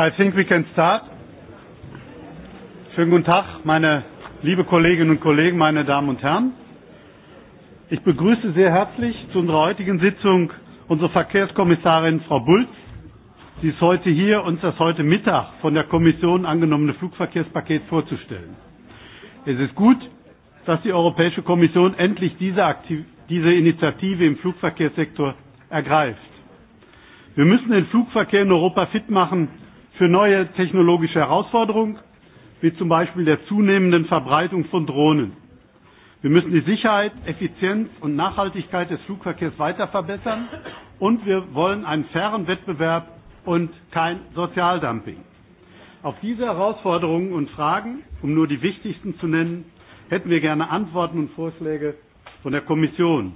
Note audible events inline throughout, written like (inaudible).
I think we can start. Schönen guten Tag, meine liebe Kolleginnen und Kollegen, meine Damen und Herren. Ich begrüße sehr herzlich zu unserer heutigen Sitzung unsere Verkehrskommissarin Frau Bulz. Sie ist heute hier, uns das heute Mittag von der Kommission angenommene Flugverkehrspaket vorzustellen. Es ist gut, dass die Europäische Kommission endlich diese, Aktiv diese Initiative im Flugverkehrssektor ergreift. Wir müssen den Flugverkehr in Europa fit machen für neue technologische Herausforderungen, wie zum Beispiel der zunehmenden Verbreitung von Drohnen. Wir müssen die Sicherheit, Effizienz und Nachhaltigkeit des Flugverkehrs weiter verbessern und wir wollen einen fairen Wettbewerb und kein Sozialdumping. Auf diese Herausforderungen und Fragen, um nur die wichtigsten zu nennen, hätten wir gerne Antworten und Vorschläge von der Kommission.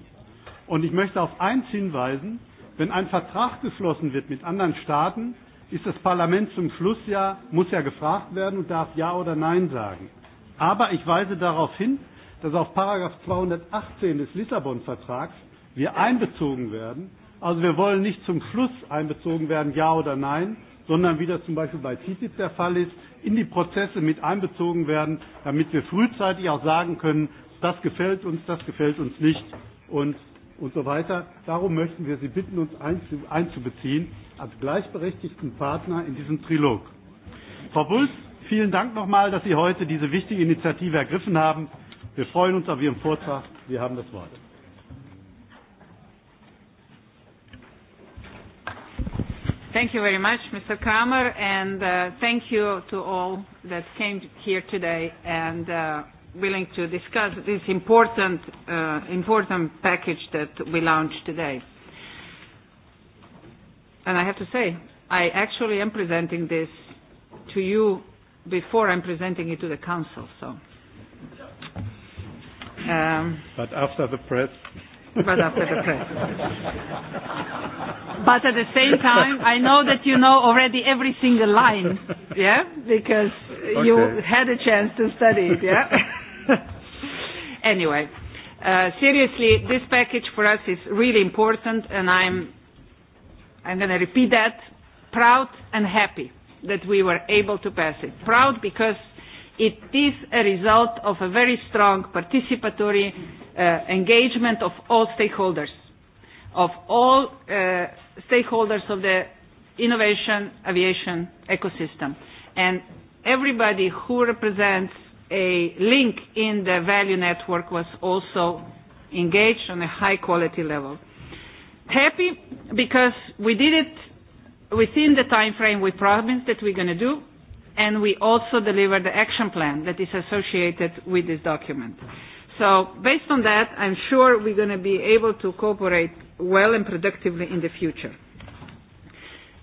Und ich möchte auf eins hinweisen, wenn ein Vertrag geschlossen wird mit anderen Staaten, ist das Parlament zum Schluss ja, muss ja gefragt werden und darf Ja oder Nein sagen. Aber ich weise darauf hin, dass auf Paragraph 218 des Lissabon-Vertrags wir einbezogen werden. Also wir wollen nicht zum Schluss einbezogen werden, Ja oder Nein, sondern wie das zum Beispiel bei TTIP der Fall ist, in die Prozesse mit einbezogen werden, damit wir frühzeitig auch sagen können, das gefällt uns, das gefällt uns nicht und und so weiter. Darum möchten wir Sie bitten, uns einzubeziehen als gleichberechtigten Partner in diesem Trilog. Frau Bulls, vielen Dank nochmal, dass Sie heute diese wichtige Initiative ergriffen haben. Wir freuen uns auf Ihren Vortrag. Wir haben das Wort. Thank you very much, Mr. Kramer, and uh, thank you to all that came here today and uh, willing to discuss this important, uh, important package that we launched today. And I have to say, I actually am presenting this to you before I'm presenting it to the council. So. Um, but after the press. But after the press. (laughs) but at the same time, I know that you know already every single line, yeah, because okay. you had a chance to study it, yeah. (laughs) (laughs) anyway, uh, seriously, this package for us is really important, and I'm, I'm going to repeat that, proud and happy that we were able to pass it. Proud because it is a result of a very strong participatory uh, engagement of all stakeholders, of all uh, stakeholders of the innovation aviation ecosystem. And everybody who represents a link in the value network was also engaged on a high quality level. Happy because we did it within the time frame we promised that we're going to do, and we also delivered the action plan that is associated with this document. So based on that, I'm sure we're going to be able to cooperate well and productively in the future.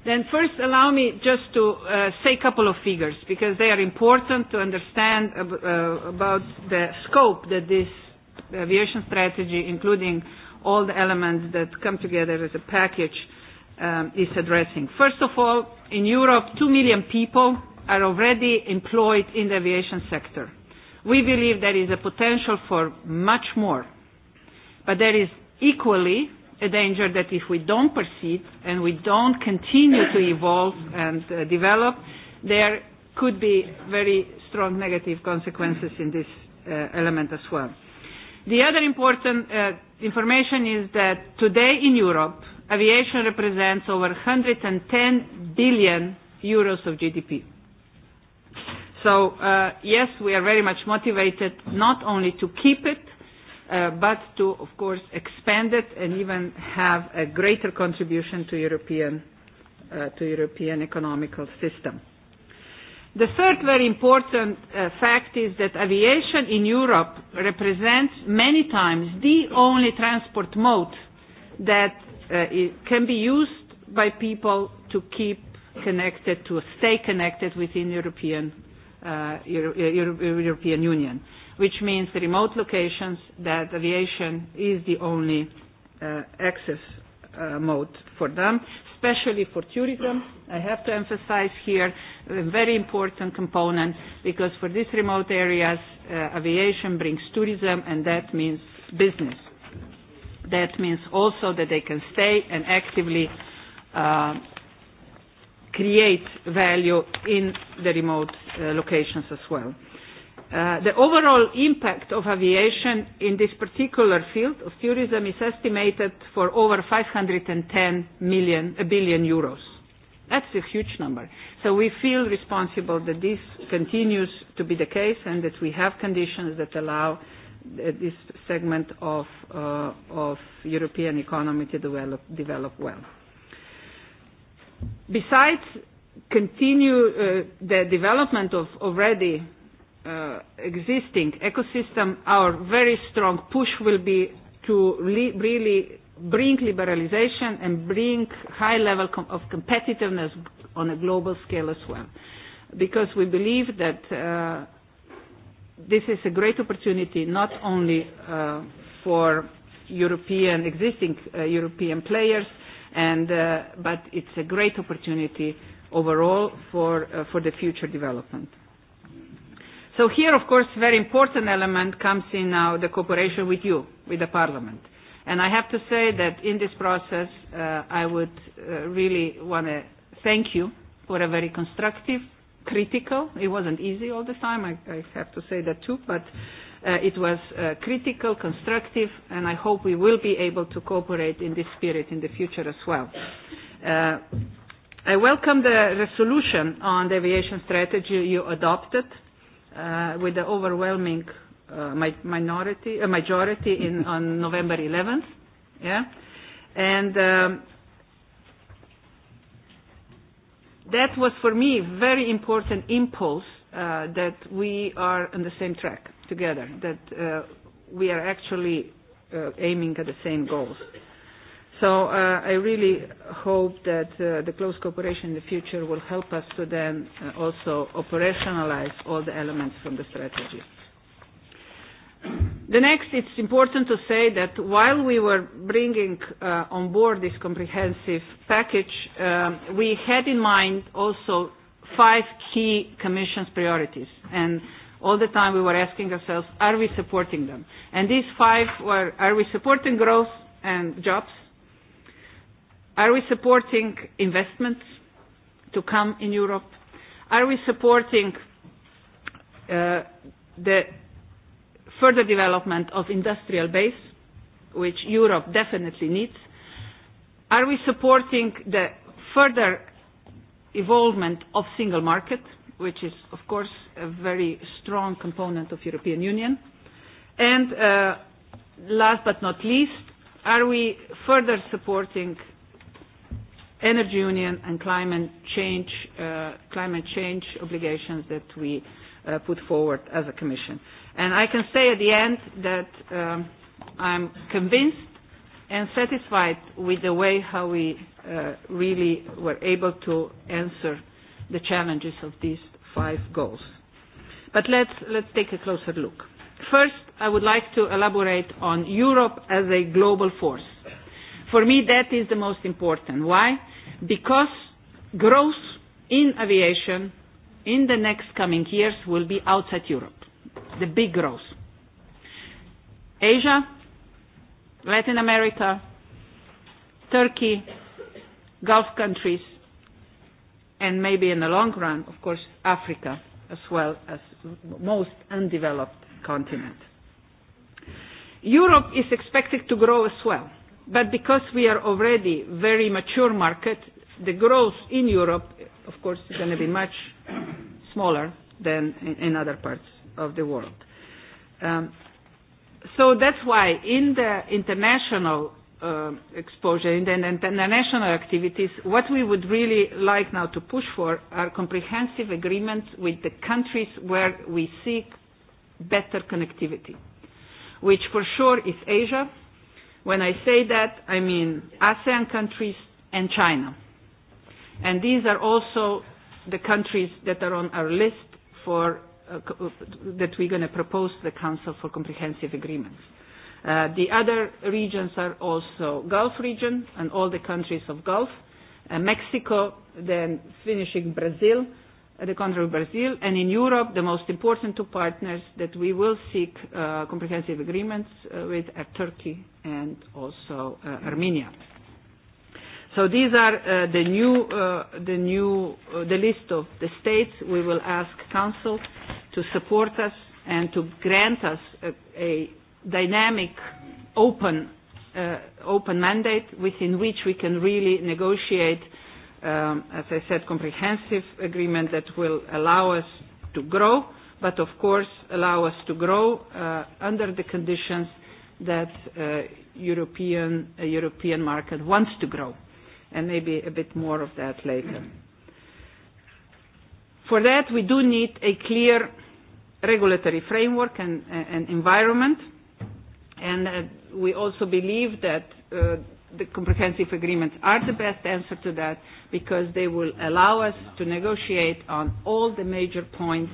Then first allow me just to uh, say a couple of figures because they are important to understand ab uh, about the scope that this aviation strategy, including all the elements that come together as a package, um, is addressing. First of all, in Europe, two million people are already employed in the aviation sector. We believe there is a potential for much more, but there is equally a danger that if we don't proceed and we don't continue to evolve and uh, develop, there could be very strong negative consequences in this uh, element as well. The other important uh, information is that today in Europe, aviation represents over 110 billion euros of GDP. So, uh, yes, we are very much motivated not only to keep it, uh, but to, of course, expand it and even have a greater contribution to European, uh, to European economical system. The third very important uh, fact is that aviation in Europe represents many times the only transport mode that uh, it can be used by people to keep connected, to stay connected within European, uh, Euro Euro European Union which means remote locations that aviation is the only uh, access uh, mode for them, especially for tourism. I have to emphasize here a very important component because for these remote areas, uh, aviation brings tourism and that means business. That means also that they can stay and actively uh, create value in the remote uh, locations as well. Uh, the overall impact of aviation in this particular field of tourism is estimated for over 510 million, a billion euros. That's a huge number. So we feel responsible that this continues to be the case and that we have conditions that allow uh, this segment of, uh, of European economy to develop, develop well. Besides continue uh, the development of already uh, existing ecosystem, our very strong push will be to really bring liberalization and bring high level com of competitiveness on a global scale as well. Because we believe that uh, this is a great opportunity not only uh, for European, existing uh, European players, and, uh, but it's a great opportunity overall for, uh, for the future development. So here, of course, very important element comes in now the cooperation with you, with the Parliament. And I have to say that in this process, uh, I would uh, really want to thank you for a very constructive, critical. It wasn't easy all the time. I, I have to say that too, but uh, it was uh, critical, constructive, and I hope we will be able to cooperate in this spirit in the future as well. Uh, I welcome the resolution on the aviation strategy you adopted uh, with the overwhelming uh, minority, uh, majority in, (laughs) on November 11th. Yeah? And um, that was for me a very important impulse uh, that we are on the same track together, that uh, we are actually uh, aiming at the same goals. So uh, I really hope that uh, the close cooperation in the future will help us to then uh, also operationalize all the elements from the strategy. The next, it's important to say that while we were bringing uh, on board this comprehensive package, um, we had in mind also five key Commission's priorities. And all the time we were asking ourselves, are we supporting them? And these five were, are we supporting growth and jobs? Are we supporting investments to come in Europe? Are we supporting uh, the further development of industrial base, which Europe definitely needs? Are we supporting the further evolvement of single market, which is, of course, a very strong component of European Union? And uh, last but not least, are we further supporting energy union and climate change, uh, climate change obligations that we uh, put forward as a commission. And I can say at the end that um, I'm convinced and satisfied with the way how we uh, really were able to answer the challenges of these five goals. But let's, let's take a closer look. First, I would like to elaborate on Europe as a global force. For me, that is the most important. Why? because growth in aviation in the next coming years will be outside Europe, the big growth. Asia, Latin America, Turkey, Gulf countries, and maybe in the long run, of course, Africa as well as most undeveloped continent. Europe is expected to grow as well. But because we are already very mature market, the growth in Europe, of course, is going to be much smaller than in, in other parts of the world. Um, so that's why in the international uh, exposure, in the international activities, what we would really like now to push for are comprehensive agreements with the countries where we seek better connectivity, which for sure is Asia, When I say that, I mean ASEAN countries and China. And these are also the countries that are on our list for uh, uh that we're going to propose to the Council for Comprehensive Agreements. Uh, the other regions are also Gulf region and all the countries of Gulf, uh, Mexico, then finishing Brazil, the country of Brazil, and in Europe, the most important two partners that we will seek uh, comprehensive agreements uh, with are Turkey and also uh, Armenia. So these are uh, the new, uh, the, new uh, the list of the states. We will ask Council to support us and to grant us a, a dynamic, open, uh, open mandate within which we can really negotiate uh, um, as I said, comprehensive agreement that will allow us to grow, but of course allow us to grow uh, under the conditions that uh, European, a European market wants to grow. And maybe a bit more of that later. For that, we do need a clear regulatory framework and, and environment. And uh, we also believe that uh, the comprehensive agreements are the best answer to that because they will allow us to negotiate on all the major points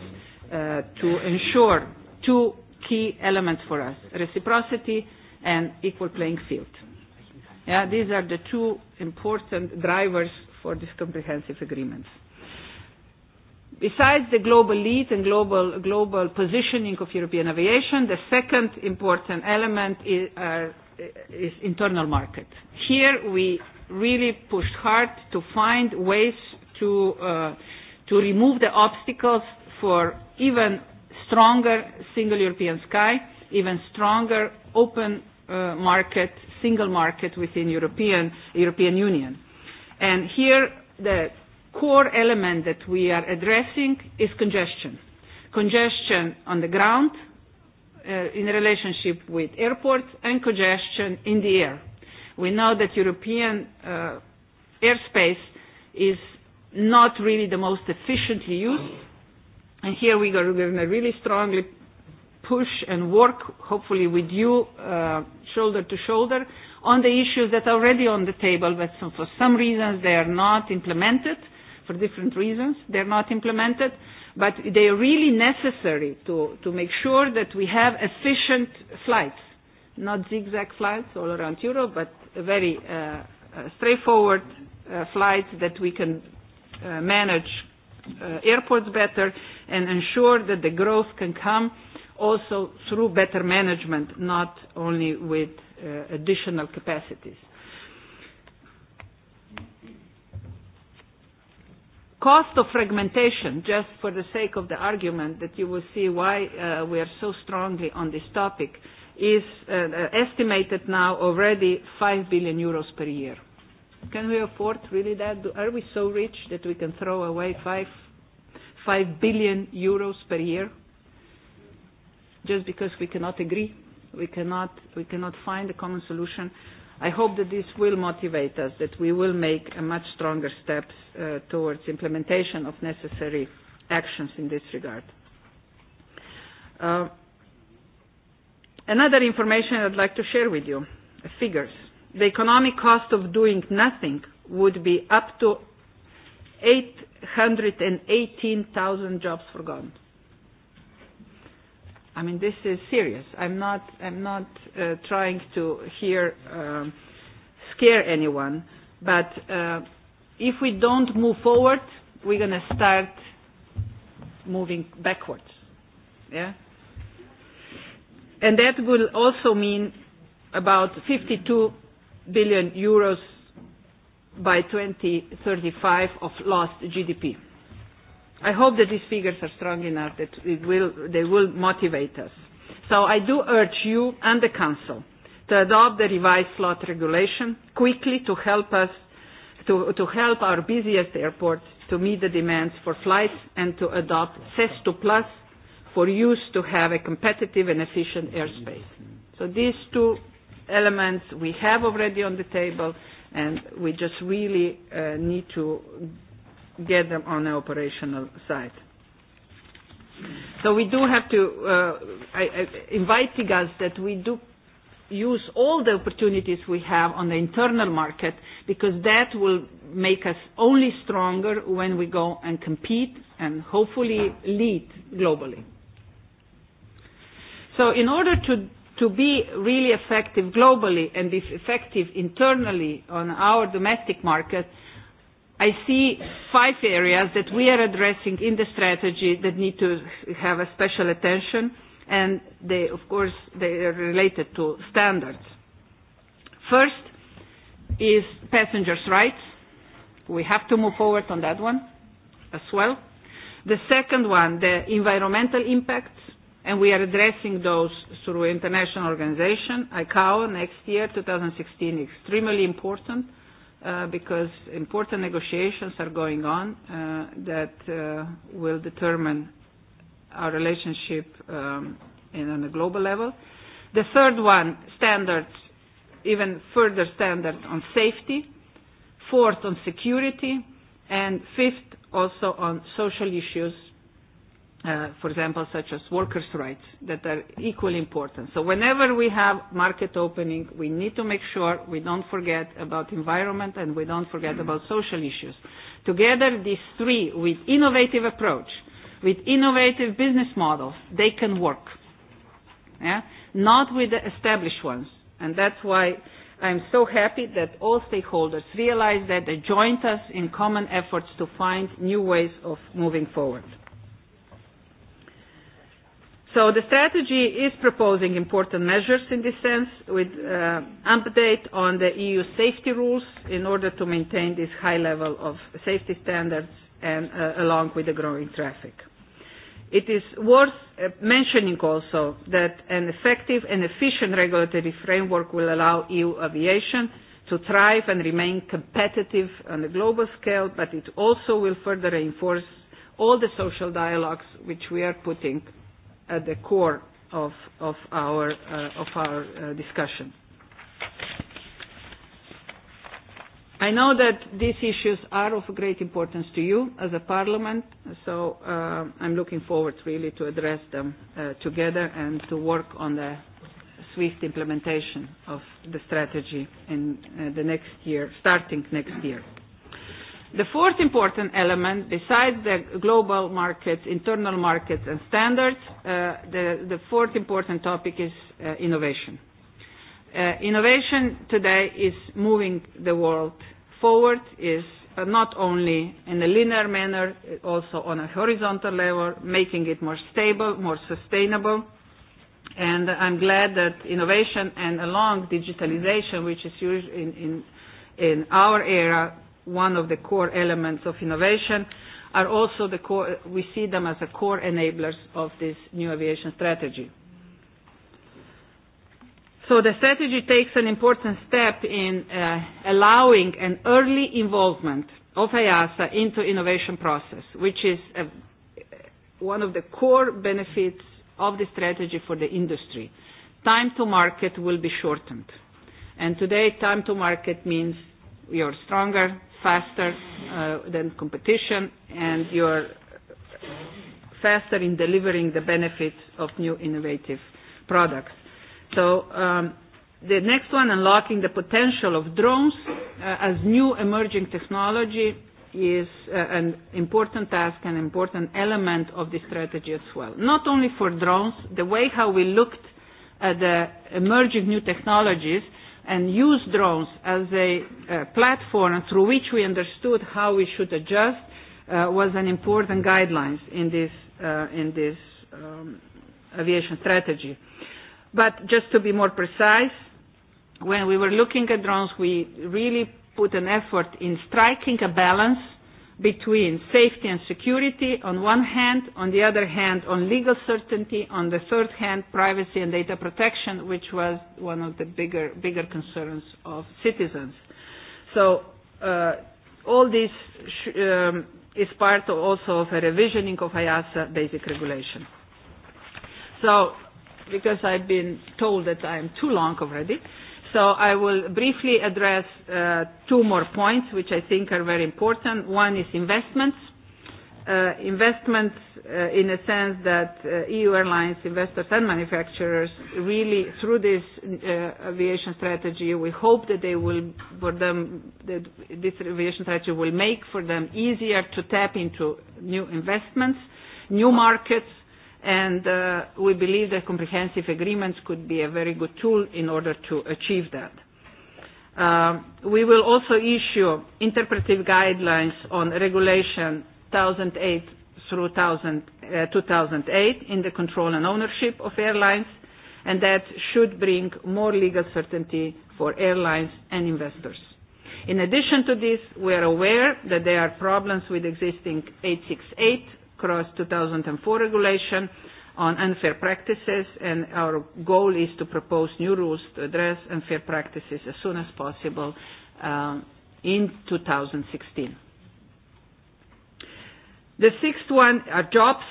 uh, to ensure two key elements for us, reciprocity and equal playing field. Yeah, these are the two important drivers for these comprehensive agreements. Besides the global lead and global, global positioning of European aviation, the second important element is, uh, is internal market. Here we really pushed hard to find ways to uh, to remove the obstacles for even stronger single European sky, even stronger open uh, market, single market within European European Union. And here the core element that we are addressing is congestion. Congestion on the ground, uh, in relationship with airports and congestion in the air. We know that European uh, airspace is not really the most efficiently used, and here we are going to really strongly push and work, hopefully with you, uh, shoulder to shoulder, on the issues that are already on the table, but some, for some reasons they are not implemented, for different reasons they are not implemented but they are really necessary to, to make sure that we have efficient flights, not zigzag flights all around Europe, but very uh, uh, straightforward uh, flights that we can uh, manage uh, airports better and ensure that the growth can come also through better management, not only with uh, additional capacities. cost of fragmentation, just for the sake of the argument that you will see why uh, we are so strongly on this topic, is uh, uh estimated now already 5 billion euros per year. Can we afford really that? Are we so rich that we can throw away 5, 5 billion euros per year? Just because we cannot agree, we cannot, we cannot find a common solution I hope that this will motivate us, that we will make a much stronger steps uh, towards implementation of necessary actions in this regard. Uh, another information I'd like to share with you, figures. The economic cost of doing nothing would be up to 818,000 jobs forgotten. I mean, this is serious. I'm not, I'm not uh, trying to here uh, scare anyone, but uh, if we don't move forward, we're going to start moving backwards. Yeah? And that will also mean about 52 billion euros by 2035 of lost GDP. I hope that these figures are strong enough that it will, they will motivate us. So I do urge you and the Council to adopt the revised slot regulation quickly to help us to, to help our busiest airports to meet the demands for flights and to adopt CES2 Plus for use to have a competitive and efficient airspace. So these two elements we have already on the table and we just really uh, need to get them on the operational side. So we do have to uh, I, I inviting us that we do use all the opportunities we have on the internal market because that will make us only stronger when we go and compete and hopefully lead globally. So in order to to be really effective globally and be effective internally on our domestic market, I see five areas that we are addressing in the strategy that need to have a special attention, and they, of course, they are related to standards. First is passengers' rights. We have to move forward on that one as well. The second one, the environmental impacts, and we are addressing those through international organization, ICAO, next year, 2016, extremely important. Uh, because important negotiations are going on uh, that uh, will determine our relationship um, in, on a global level. The third one, standards, even further standards on safety. Fourth, on security. And fifth, also on social issues uh, for example, such as workers' rights, that are equally important. So whenever we have market opening, we need to make sure we don't forget about environment and we don't forget about social issues. Together, these three, with innovative approach, with innovative business models, they can work. Yeah? Not with the established ones. And that's why I'm so happy that all stakeholders realize that they joined us in common efforts to find new ways of moving forward. So the strategy is proposing important measures in this sense with uh, update on the EU safety rules in order to maintain this high level of safety standards and uh, along with the growing traffic. It is worth uh, mentioning also that an effective and efficient regulatory framework will allow EU aviation to thrive and remain competitive on a global scale, but it also will further reinforce all the social dialogues which we are putting at the core of, of our, uh, of our uh, discussion. I know that these issues are of great importance to you as a parliament, so uh, I'm looking forward really to address them uh, together and to work on the swift implementation of the strategy in uh, the next year, starting next year. The fourth important element, besides the global markets, internal markets, and standards, uh, the, the fourth important topic is uh, innovation. Uh, innovation today is moving the world forward, is uh, not only in a linear manner, uh, also on a horizontal level, making it more stable, more sustainable. And I'm glad that innovation and along digitalization, which is used in, in, in our era, one of the core elements of innovation, are also the core, we see them as the core enablers of this new aviation strategy. So the strategy takes an important step in uh, allowing an early involvement of IASA into innovation process, which is a, one of the core benefits of the strategy for the industry. Time to market will be shortened. And today, time to market means you're stronger, faster uh, than competition, and you are faster in delivering the benefits of new innovative products. So um, the next one, unlocking the potential of drones uh, as new emerging technology, is uh, an important task, and important element of the strategy as well. Not only for drones, the way how we looked at the emerging new technologies and use drones as a uh, platform through which we understood how we should adjust uh, was an important guideline in this, uh, in this um, aviation strategy. But just to be more precise, when we were looking at drones, we really put an effort in striking a balance between safety and security on one hand, on the other hand, on legal certainty, on the third hand, privacy and data protection, which was one of the bigger, bigger concerns of citizens. So uh, all this sh um, is part of also of a revisioning of IASA basic regulation. So because I've been told that I am too long already, uh, So I will briefly address uh, two more points, which I think are very important. One is investments. Uh, investments uh, in a sense that uh, EU airlines, investors and manufacturers really through this uh, aviation strategy, we hope that they will, for them, that this aviation strategy will make for them easier to tap into new investments, new markets, and uh, we believe that comprehensive agreements could be a very good tool in order to achieve that. Uh, we will also issue interpretive guidelines on regulation 1008 through 1000, uh, 2008 in the control and ownership of airlines, and that should bring more legal certainty for airlines and investors. In addition to this, we are aware that there are problems with existing 868 across 2004 regulation on unfair practices, and our goal is to propose new rules to address unfair practices as soon as possible um, in 2016. The sixth one are jobs.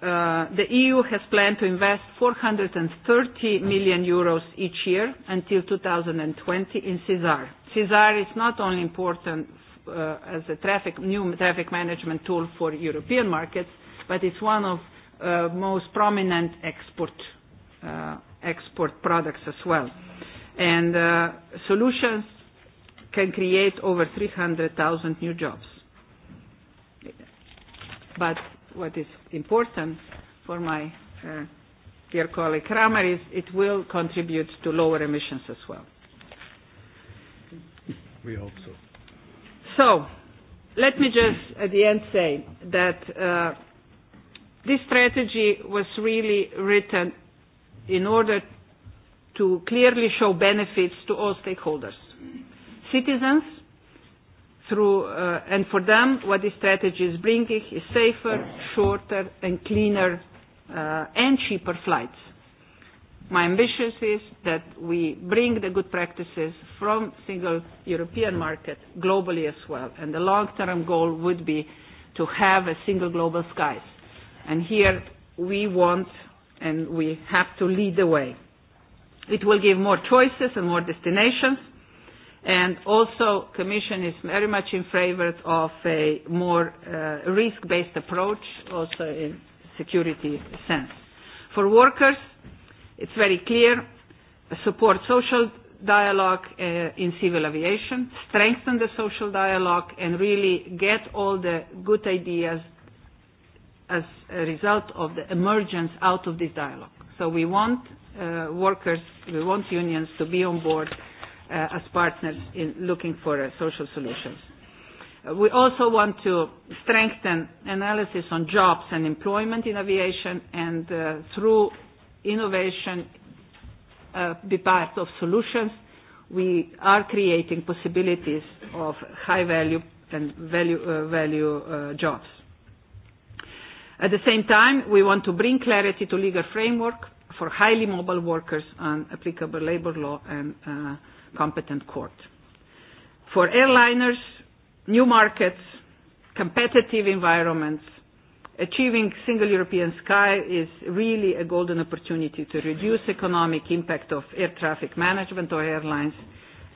Uh, the EU has planned to invest 430 million euros each year until 2020 in CESAR. CESAR is not only important uh, as a traffic, new traffic management tool for European markets, but it's one of uh, most prominent export, uh, export products as well. And uh, solutions can create over 300,000 new jobs. But what is important for my uh, dear colleague Kramer is it will contribute to lower emissions as well. We hope so. So, let me just at the end say that uh, this strategy was really written in order to clearly show benefits to all stakeholders. Citizens, through, uh, and for them, what this strategy is bringing is safer, shorter, and cleaner uh, and cheaper flights My ambition is that we bring the good practices from single European market globally as well. And the long-term goal would be to have a single global skies. And here we want and we have to lead the way. It will give more choices and more destinations. And also Commission is very much in favor of a more uh, risk-based approach also in security sense. For workers, It's very clear, support social dialogue uh, in civil aviation, strengthen the social dialogue, and really get all the good ideas as a result of the emergence out of this dialogue. So we want uh, workers, we want unions to be on board uh, as partners in looking for uh, social solutions. Uh, we also want to strengthen analysis on jobs and employment in aviation and uh, through innovation uh, be part of solutions, we are creating possibilities of high value and value, uh, value uh, jobs. At the same time, we want to bring clarity to legal framework for highly mobile workers on applicable labor law and uh, competent court. For airliners, new markets, competitive environments, Achieving single European sky is really a golden opportunity to reduce economic impact of air traffic management or airlines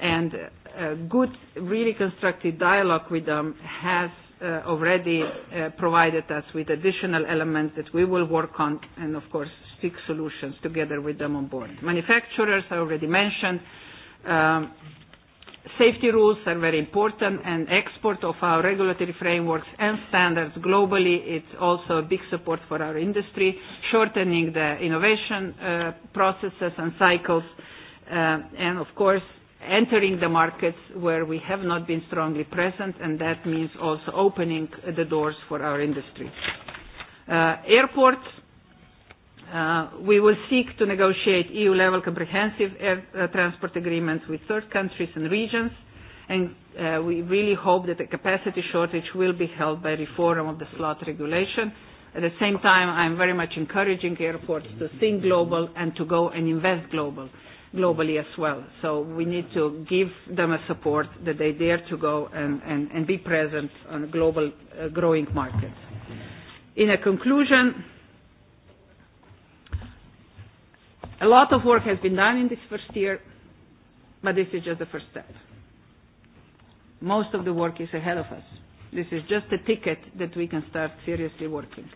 and a uh, good, really constructive dialogue with them has uh, already uh, provided us with additional elements that we will work on and of course seek solutions together with them on board. Manufacturers I already mentioned. Um, Safety rules are very important, and export of our regulatory frameworks and standards globally, it's also a big support for our industry, shortening the innovation uh, processes and cycles, uh, and of course, entering the markets where we have not been strongly present, and that means also opening the doors for our industry. Uh, airports, Uh, we will seek to negotiate EU-level comprehensive air uh, transport agreements with third countries and regions, and uh, we really hope that the capacity shortage will be helped by reform of the slot regulation. At the same time, I am very much encouraging airports to think global and to go and invest global, globally as well. So we need to give them a support that they dare to go and, and, and be present on global uh, growing markets. In a conclusion, A lot of work has been done in this first year, but this is just the first step. Most of the work is ahead of us. This is just a ticket that we can start seriously working.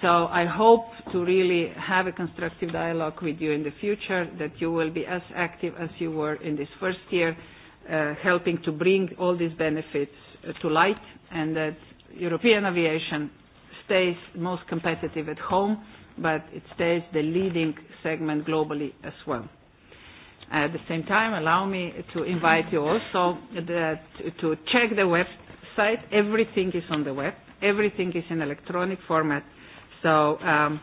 So I hope to really have a constructive dialogue with you in the future, that you will be as active as you were in this first year, uh, helping to bring all these benefits uh, to light, and that European aviation stays most competitive at home but it stays the leading segment globally as well. At the same time, allow me to invite you also that, to check the website. Everything is on the web. Everything is in electronic format. So um,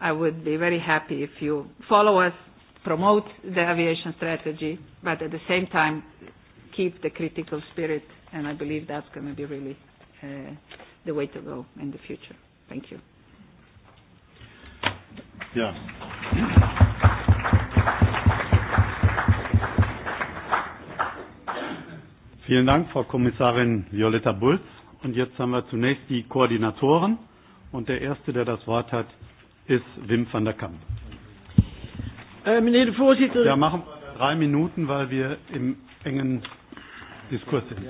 I would be very happy if you follow us, promote the aviation strategy, but at the same time, keep the critical spirit, and I believe that's going to be really uh, the way to go in the future. Thank you. Ja. Vielen Dank, Frau Kommissarin Violetta Bulz. Und jetzt haben wir zunächst die Koordinatoren. Und der Erste, der das Wort hat, ist Wim van der Kamp. Äh, meneer de voorzitter. Ja, machen wir drei Minuten, weil wir im engen Diskurs sind.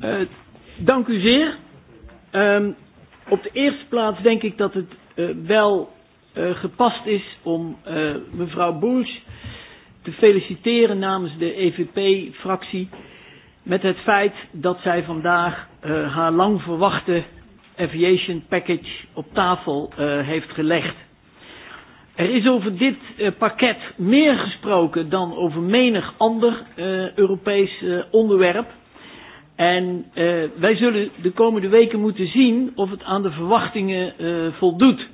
Ja. Äh, dank u zeer. Um, op de eerste plaats denk ik dat het uh, wel uh, gepast is om uh, mevrouw Boers te feliciteren namens de EVP-fractie met het feit dat zij vandaag uh, haar lang verwachte aviation package op tafel uh, heeft gelegd. Er is over dit uh, pakket meer gesproken dan over menig ander uh, Europees uh, onderwerp. En uh, wij zullen de komende weken moeten zien of het aan de verwachtingen uh, voldoet.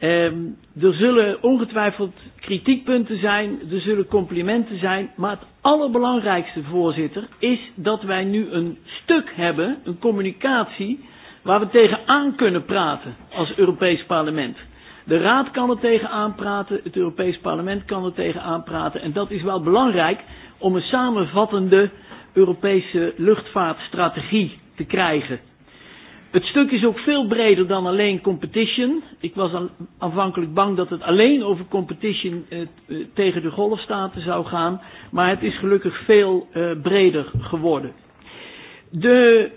Um, er zullen ongetwijfeld kritiekpunten zijn, er zullen complimenten zijn, maar het allerbelangrijkste, voorzitter, is dat wij nu een stuk hebben, een communicatie, waar we tegenaan kunnen praten als Europees Parlement. De Raad kan er tegenaan praten, het Europees Parlement kan er tegenaan praten en dat is wel belangrijk om een samenvattende uh, Europese luchtvaartstrategie te krijgen. Het stuk is ook veel breder dan alleen competition. Ik was aanvankelijk bang dat het alleen over competition eh, eh, tegen de golfstaten zou gaan, maar het is gelukkig veel eh, breder geworden. De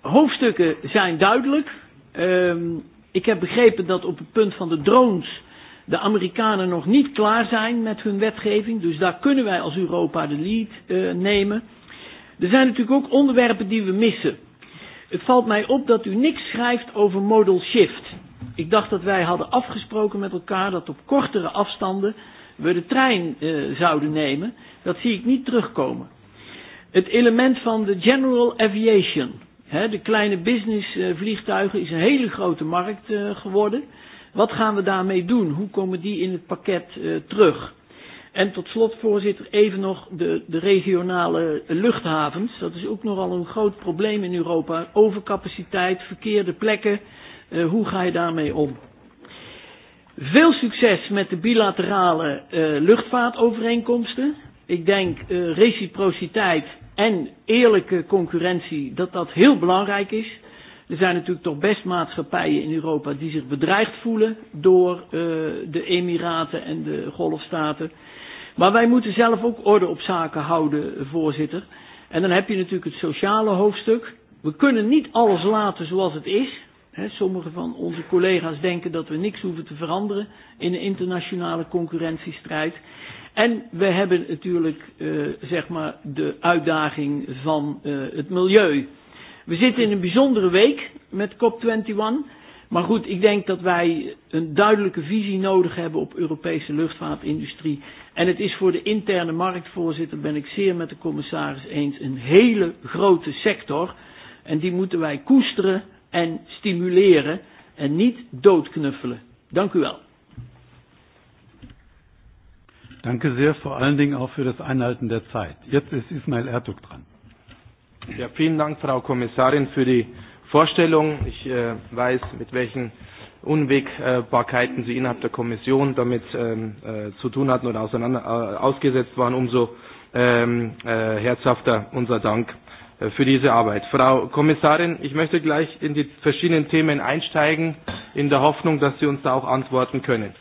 hoofdstukken zijn duidelijk. Eh, ik heb begrepen dat op het punt van de drones de Amerikanen nog niet klaar zijn met hun wetgeving, dus daar kunnen wij als Europa de lead eh, nemen. Er zijn natuurlijk ook onderwerpen die we missen. Het valt mij op dat u niks schrijft over modal shift. Ik dacht dat wij hadden afgesproken met elkaar dat op kortere afstanden we de trein eh, zouden nemen. Dat zie ik niet terugkomen. Het element van de general aviation, hè, de kleine business eh, vliegtuigen, is een hele grote markt eh, geworden. Wat gaan we daarmee doen? Hoe komen die in het pakket eh, terug? En tot slot, voorzitter, even nog de, de regionale luchthavens. Dat is ook nogal een groot probleem in Europa. Overcapaciteit, verkeerde plekken. Uh, hoe ga je daarmee om? Veel succes met de bilaterale uh, luchtvaartovereenkomsten. Ik denk uh, reciprociteit en eerlijke concurrentie, dat dat heel belangrijk is. Er zijn natuurlijk toch best maatschappijen in Europa die zich bedreigd voelen door uh, de Emiraten en de Golfstaten. Maar wij moeten zelf ook orde op zaken houden, voorzitter. En dan heb je natuurlijk het sociale hoofdstuk. We kunnen niet alles laten zoals het is. He, sommige van onze collega's denken dat we niks hoeven te veranderen in de internationale concurrentiestrijd. En we hebben natuurlijk uh, zeg maar de uitdaging van uh, het milieu. We zitten in een bijzondere week met COP21. Maar goed, ik denk dat wij een duidelijke visie nodig hebben op Europese luchtvaartindustrie En het is voor de interne markt, voorzitter, ben ik zeer met de commissaris eens, een hele grote sector. En die moeten wij koesteren en stimuleren en niet doodknuffelen. Dank u wel. Dank u zeer, voor allen Dingen ook voor het Einhalten der tijd. Jetzt is Ismail Ertug dran. Ja, vielen Dank, Frau Kommissarin, für die Vorstellung. Ich äh, weiß, mit welchen Unwägbarkeiten sie innerhalb der Kommission damit ähm, äh, zu tun hatten oder auseinander, äh, ausgesetzt waren, umso ähm, äh, herzhafter unser Dank äh, für diese Arbeit. Frau Kommissarin, ich möchte gleich in die verschiedenen Themen einsteigen, in der Hoffnung, dass Sie uns da auch antworten können.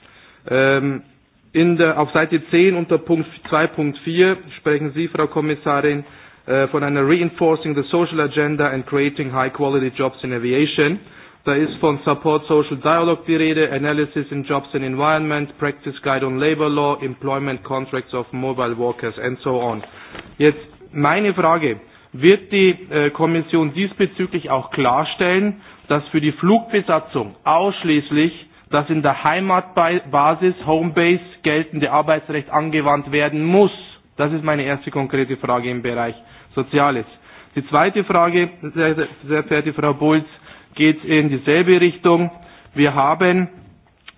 Ähm, in der, auf Seite 10 unter Punkt 2.4 sprechen Sie, Frau Kommissarin, äh, von einer Reinforcing the Social Agenda and Creating High Quality Jobs in Aviation. Äh, da ist von Support Social Dialogue die Rede, Analysis in Jobs and Environment, Practice Guide on Labor Law, Employment Contracts of Mobile Workers and so on. Jetzt meine Frage, wird die äh, Kommission diesbezüglich auch klarstellen, dass für die Flugbesatzung ausschließlich das in der Heimatbasis, Homebase geltende Arbeitsrecht angewandt werden muss? Das ist meine erste konkrete Frage im Bereich Soziales. Die zweite Frage, sehr, sehr verehrte Frau Bulz, geht es in dieselbe Richtung. Wir haben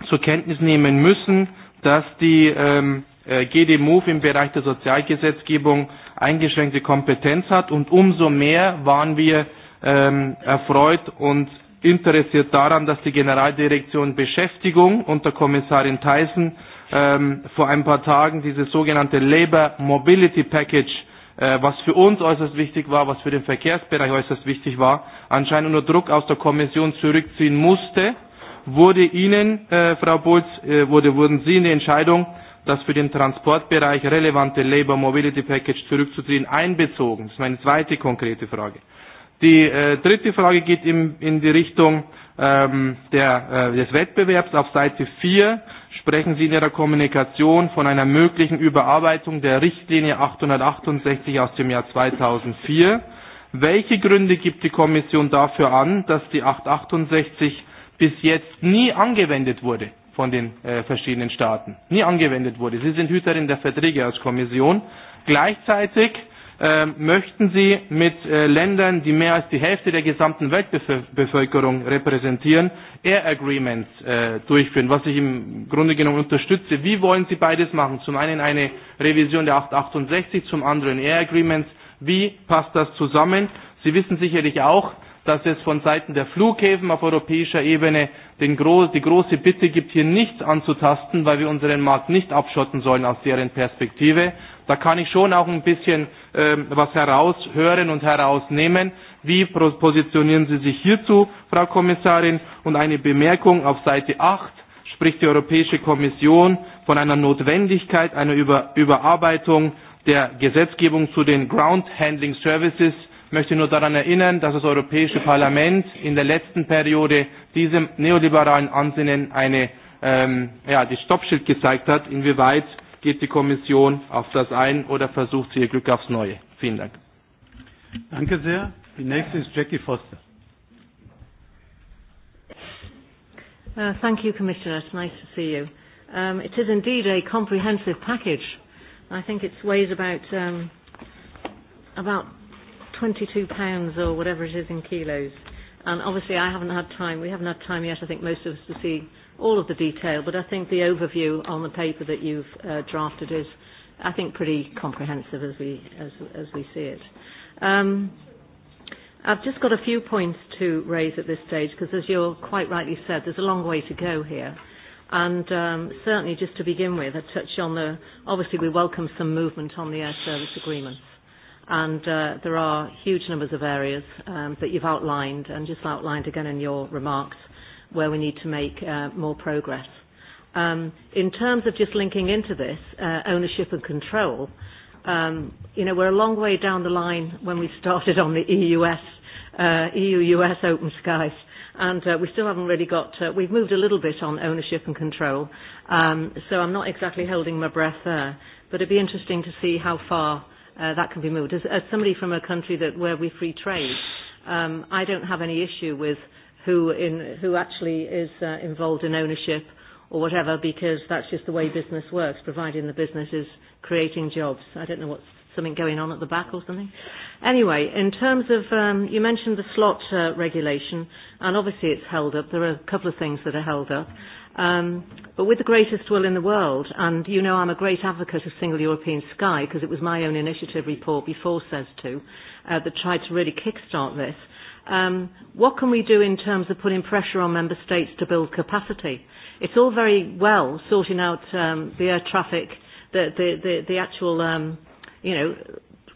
zur Kenntnis nehmen müssen, dass die ähm, äh, GD Move im Bereich der Sozialgesetzgebung eingeschränkte Kompetenz hat und umso mehr waren wir ähm, erfreut und interessiert daran, dass die Generaldirektion Beschäftigung unter Kommissarin Theissen ähm, vor ein paar Tagen dieses sogenannte Labour Mobility Package Äh, was für uns äußerst wichtig war, was für den Verkehrsbereich äußerst wichtig war, anscheinend unter Druck aus der Kommission zurückziehen musste, wurde Ihnen, äh, Frau Bulz, äh, wurde, wurden Sie in die Entscheidung, das für den Transportbereich relevante Labour Mobility Package zurückzuziehen, einbezogen? Das ist meine zweite konkrete Frage. Die äh, dritte Frage geht im, in die Richtung ähm, der, äh, des Wettbewerbs auf Seite 4 sprechen Sie in Ihrer Kommunikation von einer möglichen Überarbeitung der Richtlinie 868 aus dem Jahr 2004. Welche Gründe gibt die Kommission dafür an, dass die 868 bis jetzt nie angewendet wurde von den äh, verschiedenen Staaten? Nie angewendet wurde. Sie sind Hüterin der Verträge als Kommission. Gleichzeitig äh, Ähm, möchten Sie mit äh, Ländern, die mehr als die Hälfte der gesamten Weltbevölkerung repräsentieren, Air Agreements äh, durchführen, was ich im Grunde genommen unterstütze. Wie wollen Sie beides machen? Zum einen eine Revision der 868, zum anderen Air Agreements. Wie passt das zusammen? Sie wissen sicherlich auch, dass es von Seiten der Flughäfen auf europäischer Ebene den Gro die große Bitte gibt, hier nichts anzutasten, weil wir unseren Markt nicht abschotten sollen aus deren Perspektive. Da kann ich schon auch ein bisschen äh, was heraushören und herausnehmen. Wie positionieren Sie sich hierzu, Frau Kommissarin? Und eine Bemerkung auf Seite 8 spricht die Europäische Kommission von einer Notwendigkeit einer Über Überarbeitung der Gesetzgebung zu den Ground Handling Services. Ich möchte nur daran erinnern, dass das Europäische Parlament in der letzten Periode diesem neoliberalen Ansinnen eine, ähm, ja, die Stoppschild gezeigt hat, inwieweit Geht die Kommission auf das ein oder versucht sie ihr Glück aufs Neue? Vielen Dank. Danke sehr. Die nächste ist Jackie Foster. Uh, thank you, Commissioner. It's nice to see you. Um, it is indeed a comprehensive package. I think it weighs about um, about 22 pounds or whatever it is in kilos. And obviously, I haven't had time. We haven't had time yet. I think most of us to see all of the detail, but I think the overview on the paper that you've uh, drafted is, I think, pretty comprehensive as we, as, as we see it. Um, I've just got a few points to raise at this stage because, as you're quite rightly said, there's a long way to go here. And um, certainly, just to begin with, I touch on the obviously we welcome some movement on the air service agreements, and uh, there are huge numbers of areas um, that you've outlined and just outlined again in your remarks where we need to make uh, more progress. Um, in terms of just linking into this, uh, ownership and control, um, you know, we're a long way down the line when we started on the EU-US, uh, EU-US open skies. And uh, we still haven't really got, to, uh, we've moved a little bit on ownership and control. Um, so I'm not exactly holding my breath there. But it'd be interesting to see how far uh, that can be moved. As, as somebody from a country that where we free trade, um, I don't have any issue with who, in, who actually is uh, involved in ownership or whatever, because that's just the way business works, providing the business is creating jobs. I don't know what's something going on at the back or something. Anyway, in terms of, um, you mentioned the slot uh, regulation, and obviously it's held up. There are a couple of things that are held up. Um, but with the greatest will in the world, and you know I'm a great advocate of Single European Sky because it was my own initiative report before SES 2 uh, that tried to really kickstart this um, what can we do in terms of putting pressure on member states to build capacity? It's all very well sorting out um, the air traffic, the, the, the, the actual, um, you know,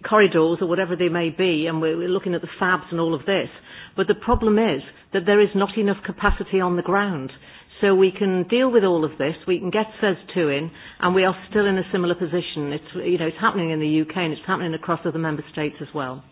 corridors or whatever they may be, and we're, we're looking at the fabs and all of this. But the problem is that there is not enough capacity on the ground. So we can deal with all of this, we can get SES 2 in, and we are still in a similar position. It's, you know, it's happening in the UK and it's happening across other member states as well.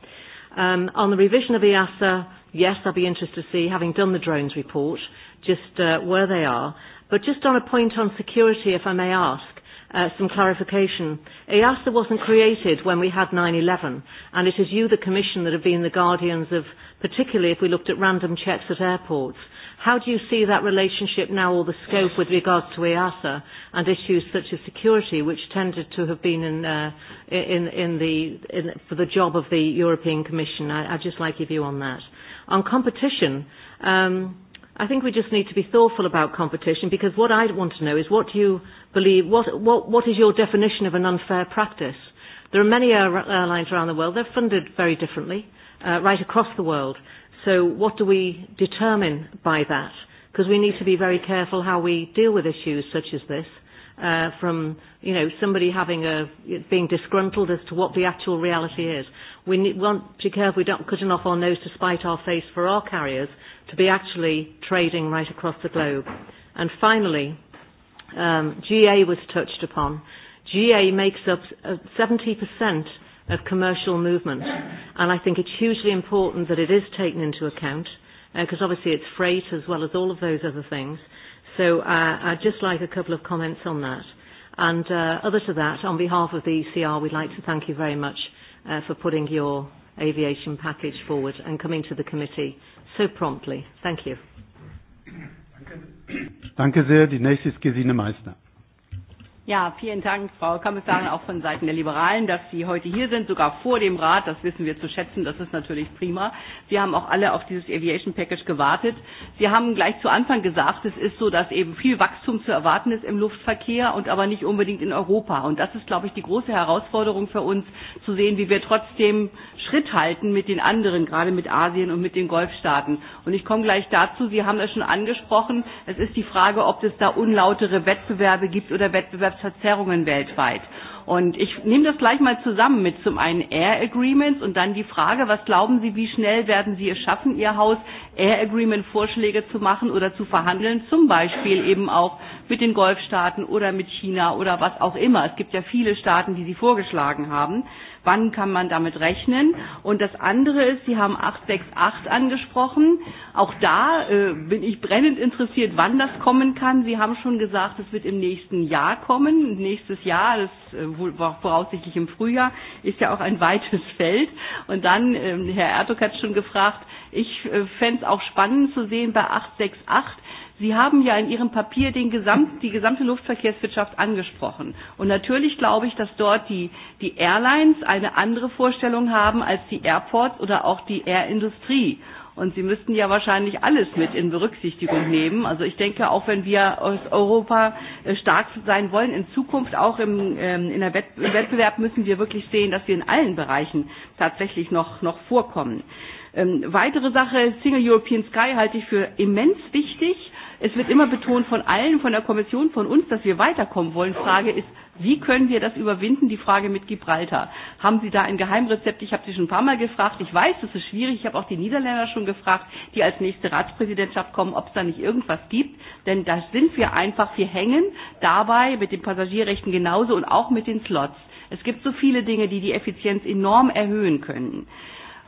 Um, on the revision of EASA, Yes, I'll be interested to see, having done the drones report, just uh, where they are. But just on a point on security, if I may ask, uh, some clarification. EASA wasn't created when we had 9-11, and it is you, the Commission, that have been the guardians of, particularly if we looked at random checks at airports. How do you see that relationship now or the scope with regards to EASA and issues such as security, which tended to have been in, uh, in, in the, in, for the job of the European Commission? I, I'd just like your view on that. On competition, um, I think we just need to be thoughtful about competition because what I want to know is what do you believe, what, what, what is your definition of an unfair practice? There are many airlines around the world. They're funded very differently uh, right across the world. So what do we determine by that? Because we need to be very careful how we deal with issues such as this. Uh, from you know somebody having a being disgruntled as to what the actual reality is we need, want to be careful we don't cut enough our nose to spite our face for our carriers to be actually trading right across the globe. And finally, um, GA was touched upon. GA makes up 70% uh, of commercial movement, and I think it's hugely important that it is taken into account because uh, obviously it's freight as well as all of those other things. So uh, I'd just like a couple of comments on that. And uh, other to that, on behalf of the ECR, we'd like to thank you very much uh, for putting your aviation package forward and coming to the committee so promptly. Thank you. Danke sehr. Die nächste ist Gesine Ja, vielen Dank, Frau Kommissarin, auch von Seiten der Liberalen, dass Sie heute hier sind, sogar vor dem Rat. Das wissen wir zu schätzen. Das ist natürlich prima. Sie haben auch alle auf dieses Aviation Package gewartet. Sie haben gleich zu Anfang gesagt, es ist so, dass eben viel Wachstum zu erwarten ist im Luftverkehr und aber nicht unbedingt in Europa. Und das ist, glaube ich, die große Herausforderung für uns, zu sehen, wie wir trotzdem Schritt halten mit den anderen, gerade mit Asien und mit den Golfstaaten. Und ich komme gleich dazu. Sie haben es schon angesprochen. Es ist die Frage, ob es da unlautere Wettbewerbe gibt oder Wettbewerbs Wettbewerbsverzerrungen weltweit. Und ich nehme das gleich mal zusammen mit zum einen Air Agreements und dann die Frage, was glauben Sie, wie schnell werden Sie es schaffen, Ihr Haus Air Agreement Vorschläge zu machen oder zu verhandeln, zum Beispiel eben auch mit den Golfstaaten oder mit China oder was auch immer. Es gibt ja viele Staaten, die sie vorgeschlagen haben wann kann man damit rechnen? Und das andere ist, Sie haben 868 angesprochen. Auch da äh, bin ich brennend interessiert, wann das kommen kann. Sie haben schon gesagt, es wird im nächsten Jahr kommen. Nächstes Jahr, das äh, voraussichtlich im Frühjahr, ist ja auch ein weites (laughs) Feld. Und dann, äh, Herr Ertug hat schon gefragt, ich äh, fände es auch spannend zu sehen bei 868, Sie haben ja in Ihrem Papier den Gesamt, die gesamte Luftverkehrswirtschaft angesprochen. Und natürlich glaube ich, dass dort die, die Airlines eine andere Vorstellung haben als die Airports oder auch die Airindustrie. Und Sie müssten ja wahrscheinlich alles mit in Berücksichtigung nehmen. Also ich denke, auch wenn wir aus Europa äh, stark sein wollen, in Zukunft auch im, ähm, in der Wett im Wettbewerb müssen wir wirklich sehen, dass wir in allen Bereichen tatsächlich noch, noch vorkommen. Ähm, weitere Sache, Single European Sky halte ich für immens wichtig Es wird immer betont von allen, von der Kommission, von uns, dass wir weiterkommen wollen. Frage ist, wie können wir das überwinden? Die Frage mit Gibraltar. Haben Sie da ein Geheimrezept? Ich habe Sie schon ein paar Mal gefragt. Ich weiß, das ist schwierig. Ich habe auch die Niederländer schon gefragt, die als nächste Ratspräsidentschaft kommen, ob es da nicht irgendwas gibt. Denn da sind wir einfach, wir hängen dabei mit den Passagierrechten genauso und auch mit den Slots. Es gibt so viele Dinge, die die Effizienz enorm erhöhen können.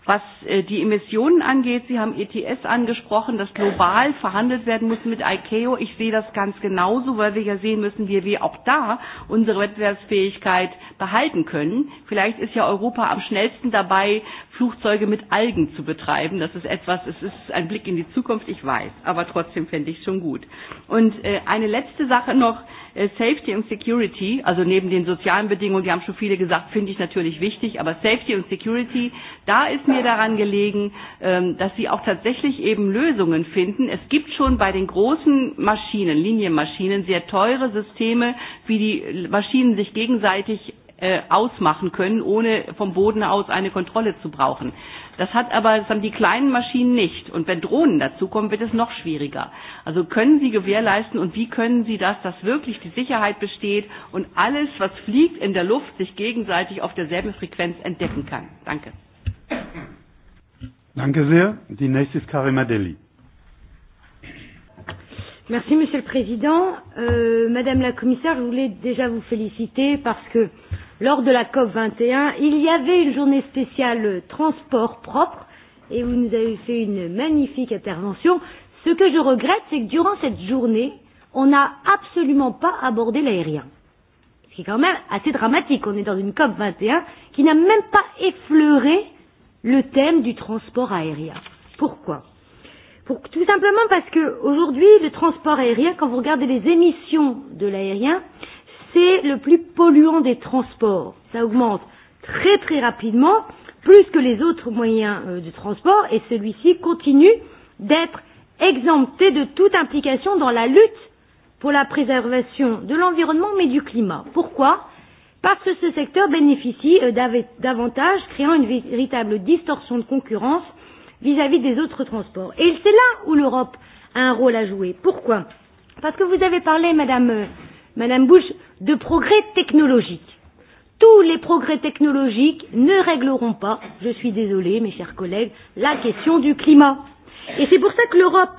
Was äh, die Emissionen angeht, Sie haben ETS angesprochen, dass global verhandelt werden muss mit ICAO. Ich sehe das ganz genauso, weil wir ja sehen müssen, wie wir auch da unsere Wettbewerbsfähigkeit behalten können. Vielleicht ist ja Europa am schnellsten dabei, Flugzeuge mit Algen zu betreiben. Das ist etwas, es ist ein Blick in die Zukunft, ich weiß, aber trotzdem fände ich es schon gut. Und äh, eine letzte Sache noch Äh, Safety und Security, also neben den sozialen Bedingungen, die haben schon viele gesagt, finde ich natürlich wichtig, aber Safety und Security, da ist mir daran gelegen, ähm, dass sie auch tatsächlich eben Lösungen finden. Es gibt schon bei den großen Maschinen, Linienmaschinen, sehr teure Systeme, wie die Maschinen sich gegenseitig Äh, ausmachen können, ohne vom Boden aus eine Kontrolle zu brauchen. Das hat aber, das haben die kleinen Maschinen nicht. Und wenn Drohnen dazukommen, wird es noch schwieriger. Also können Sie gewährleisten und wie können Sie das, dass wirklich die Sicherheit besteht und alles, was fliegt in der Luft, sich gegenseitig auf derselben Frequenz entdecken kann? Danke. Danke sehr. Die nächste ist Karima Deli. Merci Monsieur le Président. Euh, Madame la Commissaire, je voulais déjà vous féliciter parce que euh, lors de la COP21, il y avait une journée spéciale transport propre et vous nous avez fait une magnifique intervention. Ce que je regrette, c'est que durant cette journée, on n'a absolument pas abordé l'aérien. Ce qui est quand même assez dramatique. On est dans une COP 21 qui n'a même pas effleuré le thème du transport aérien. Pourquoi Pour, Tout simplement parce qu'aujourd'hui, le transport aérien, quand vous regardez les émissions de l'aérien, c'est le plus polluant des transports. Ça augmente très très rapidement, plus que les autres moyens euh, de transport, et celui-ci continue d'être exempté de toute implication dans la lutte pour la préservation de l'environnement mais du climat. Pourquoi Parce que ce secteur bénéficie euh, davantage, créant une véritable distorsion de concurrence vis-à-vis -vis des autres transports. Et c'est là où l'Europe a un rôle à jouer. Pourquoi Parce que vous avez parlé, Madame euh, Madame Bush, de progrès technologiques. Tous les progrès technologiques ne régleront pas, je suis désolée mes chers collègues, la question du climat. Et c'est pour ça que l'Europe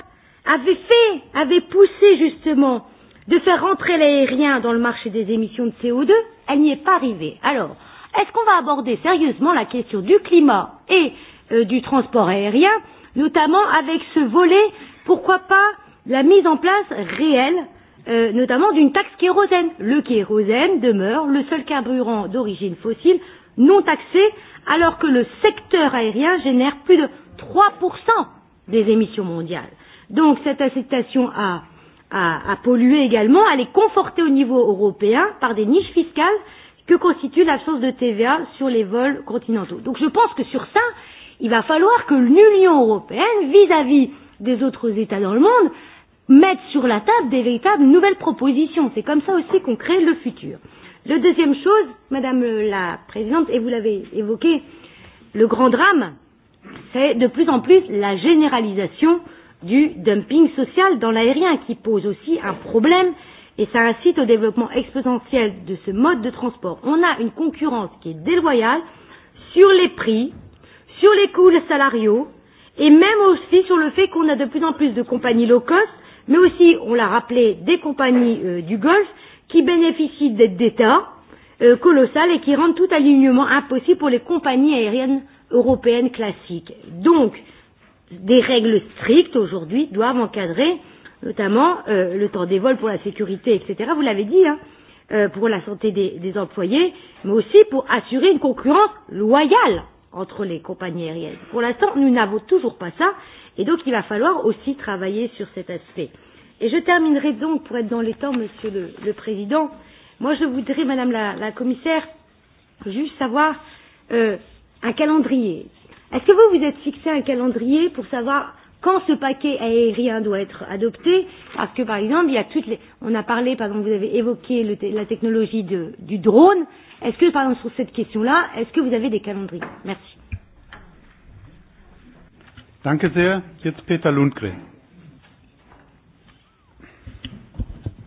avait fait, avait poussé justement de faire rentrer l'aérien dans le marché des émissions de CO2, elle n'y est pas arrivée. Alors, est-ce qu'on va aborder sérieusement la question du climat et euh, du transport aérien, notamment avec ce volet, pourquoi pas la mise en place réelle euh, euh, notamment d'une taxe kérosène. Le kérosène demeure le seul carburant d'origine fossile non taxé, alors que le secteur aérien génère plus de 3% des émissions mondiales. Donc cette incitation à, à, à polluer également, elle est confortée au niveau européen par des niches fiscales que constitue l'absence de TVA sur les vols continentaux. Donc je pense que sur ça, il va falloir que l'Union européenne, vis-à-vis -vis des autres États dans le monde, mettre sur la table des véritables nouvelles propositions. C'est comme ça aussi qu'on crée le futur. La deuxième chose, Madame la Présidente, et vous l'avez évoqué, le grand drame, c'est de plus en plus la généralisation du dumping social dans l'aérien qui pose aussi un problème et ça incite au développement exponentiel de ce mode de transport. On a une concurrence qui est déloyale sur les prix, sur les coûts salariaux et même aussi sur le fait qu'on a de plus en plus de compagnies low cost mais aussi, on l'a rappelé, des compagnies euh, du Golfe qui bénéficient d'aides d'État euh, colossales et qui rendent tout alignement impossible pour les compagnies aériennes européennes classiques. Donc, des règles strictes aujourd'hui doivent encadrer notamment euh, le temps des vols pour la sécurité, etc. Vous l'avez dit, hein, euh, pour la santé des, des employés, mais aussi pour assurer une concurrence loyale entre les compagnies aériennes. Pour l'instant, nous n'avons toujours pas ça Et donc, il va falloir aussi travailler sur cet aspect. Et je terminerai donc, pour être dans les temps, Monsieur le, le Président, moi je voudrais, Madame la, la Commissaire, juste savoir euh, un calendrier. Est-ce que vous vous êtes fixé un calendrier pour savoir quand ce paquet aérien doit être adopté Parce que par exemple, il y a toutes les, on a parlé, par exemple, vous avez évoqué le, la technologie de, du drone. Est-ce que, par exemple, sur cette question-là, est-ce que vous avez des calendriers Merci. Danke sehr. Jetzt Peter Lundgren.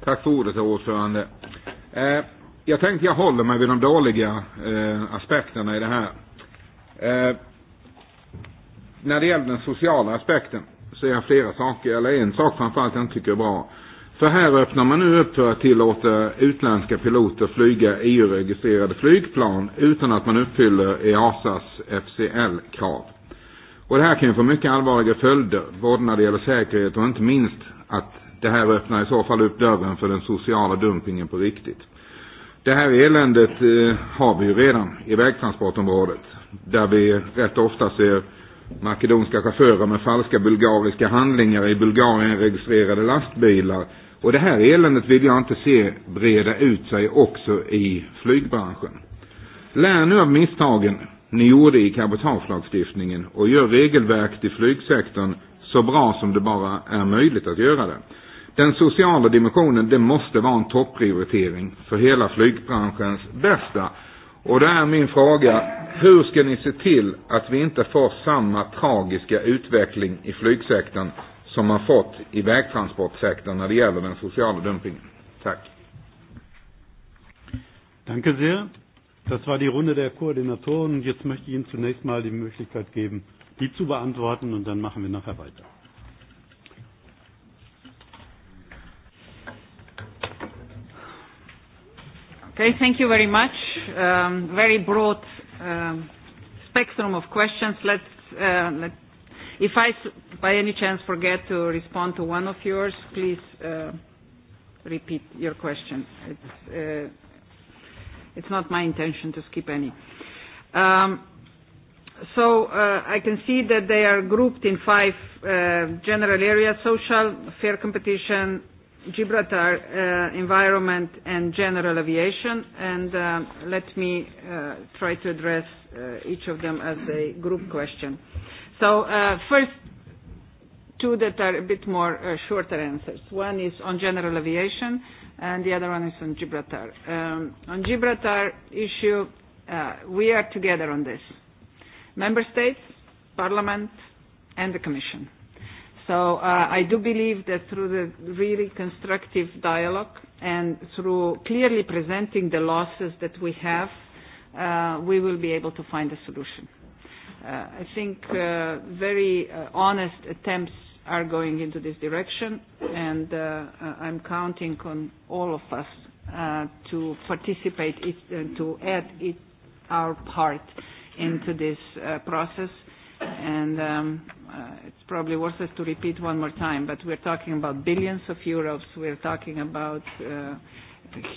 Tack för ordet, herr ordförande. Eh, jag tänkte jag håller mig vid de dåliga eh, aspekterna i det här. Eh, när det gäller den sociala aspekten så är jag flera saker, eller en sak framförallt jag inte tycker är bra. För här öppnar man nu upp för att tillåta utländska piloter flyga EU-registrerade flygplan utan att man uppfyller EASAs FCL-krav. Och det här kan ju få mycket allvarliga följder, både när det gäller säkerhet och inte minst att det här öppnar i så fall upp dörren för den sociala dumpingen på riktigt. Det här eländet eh, har vi ju redan i vägtransportområdet, där vi rätt ofta ser makedonska chaufförer med falska bulgariska handlingar i Bulgarien registrerade lastbilar. Och det här eländet vill jag inte se breda ut sig också i flygbranschen. Lär nu av misstagen ni gjorde i cabotagelagstiftningen och gör regelverk till flygsektorn så bra som det bara är möjligt att göra det. Den sociala dimensionen, det måste vara en topprioritering för hela flygbranschens bästa. Och det är min fråga, hur ska ni se till att vi inte får samma tragiska utveckling i flygsektorn som man fått i vägtransportsektorn när det gäller den sociala dumpingen? Tack. Danke sehr. Das war die Runde der Koordinatoren. Jetzt möchte ich Ihnen zunächst mal die Möglichkeit geben, die zu beantworten und dann machen wir nachher weiter. Okay, thank you very much. Um, very broad uh, spectrum of questions. Let's, uh, let, if I by any chance forget to respond to one of yours, please uh, repeat your question. It's, uh, It's not my intention to skip any. Um, so uh, I can see that they are grouped in five uh, general areas, social, fair competition, Gibraltar, uh, environment, and general aviation. And uh, let me uh, try to address uh, each of them as a group question. So uh, first, two that are a bit more uh, shorter answers. One is on general aviation. Uh, and the other one is on Gibraltar. Um, on Gibraltar issue, uh, we are together on this. Member States, Parliament, and the Commission. So uh, I do believe that through the really constructive dialogue and through clearly presenting the losses that we have, uh, we will be able to find a solution. Uh, I think uh, very uh, honest attempts are going into this direction, and uh, I'm counting on all of us uh, to participate, it, uh, to add it, our part into this uh, process. And um, uh, it's probably worth it to repeat one more time, but we're talking about billions of euros. We're talking about uh, a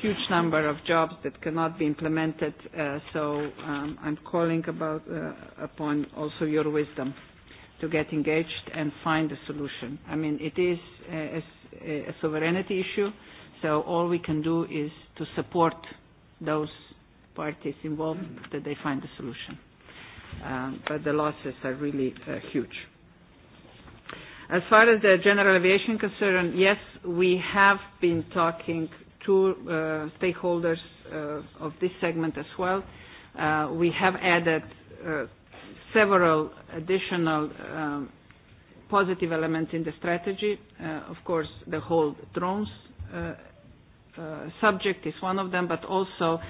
huge number of jobs that cannot be implemented. Uh, so um, I'm calling about, uh, upon also your wisdom to get engaged and find a solution. I mean, it is a, a, a sovereignty issue, so all we can do is to support those parties involved that they find a solution. Um, but the losses are really uh, huge. As far as the general aviation concern, yes, we have been talking to uh, stakeholders uh, of this segment as well. Uh, we have added uh, several additional um, positive elements in the strategy. Uh, of course, the whole drones uh, uh, subject is one of them, but also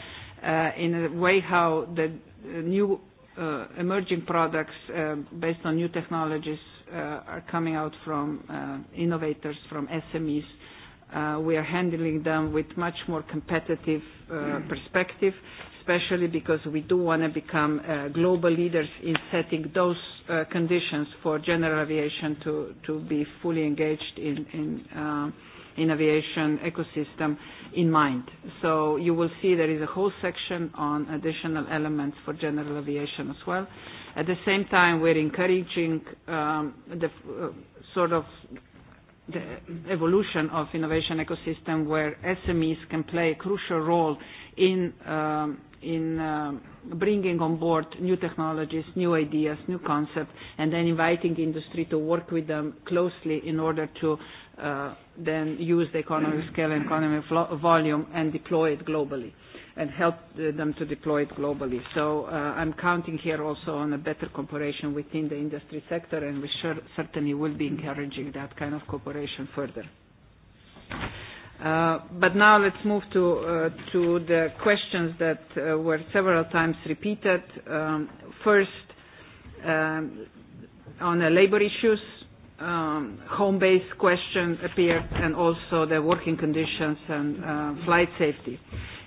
uh, in a way how the new uh, emerging products uh, based on new technologies uh, are coming out from uh, innovators, from SMEs, uh, we are handling them with much more competitive uh, perspective, especially because we do want to become uh, global leaders in setting those uh, conditions for general aviation to, to be fully engaged in, in, uh, in aviation ecosystem in mind. So you will see there is a whole section on additional elements for general aviation as well. At the same time, we're encouraging um, the uh, sort of the evolution of innovation ecosystem where SMEs can play a crucial role in, um, in um, bringing on board new technologies, new ideas, new concepts, and then inviting industry to work with them closely in order to uh, then use the economy of scale and economy of volume and deploy it globally and help uh, them to deploy it globally. So uh, I'm counting here also on a better cooperation within the industry sector, and we sure, certainly will be encouraging that kind of cooperation further. Uh, but now let's move to, uh, to the questions that uh, were several times repeated. Um, first, um, on the labor issues, um, home-based question appeared, and also the working conditions and uh, flight safety.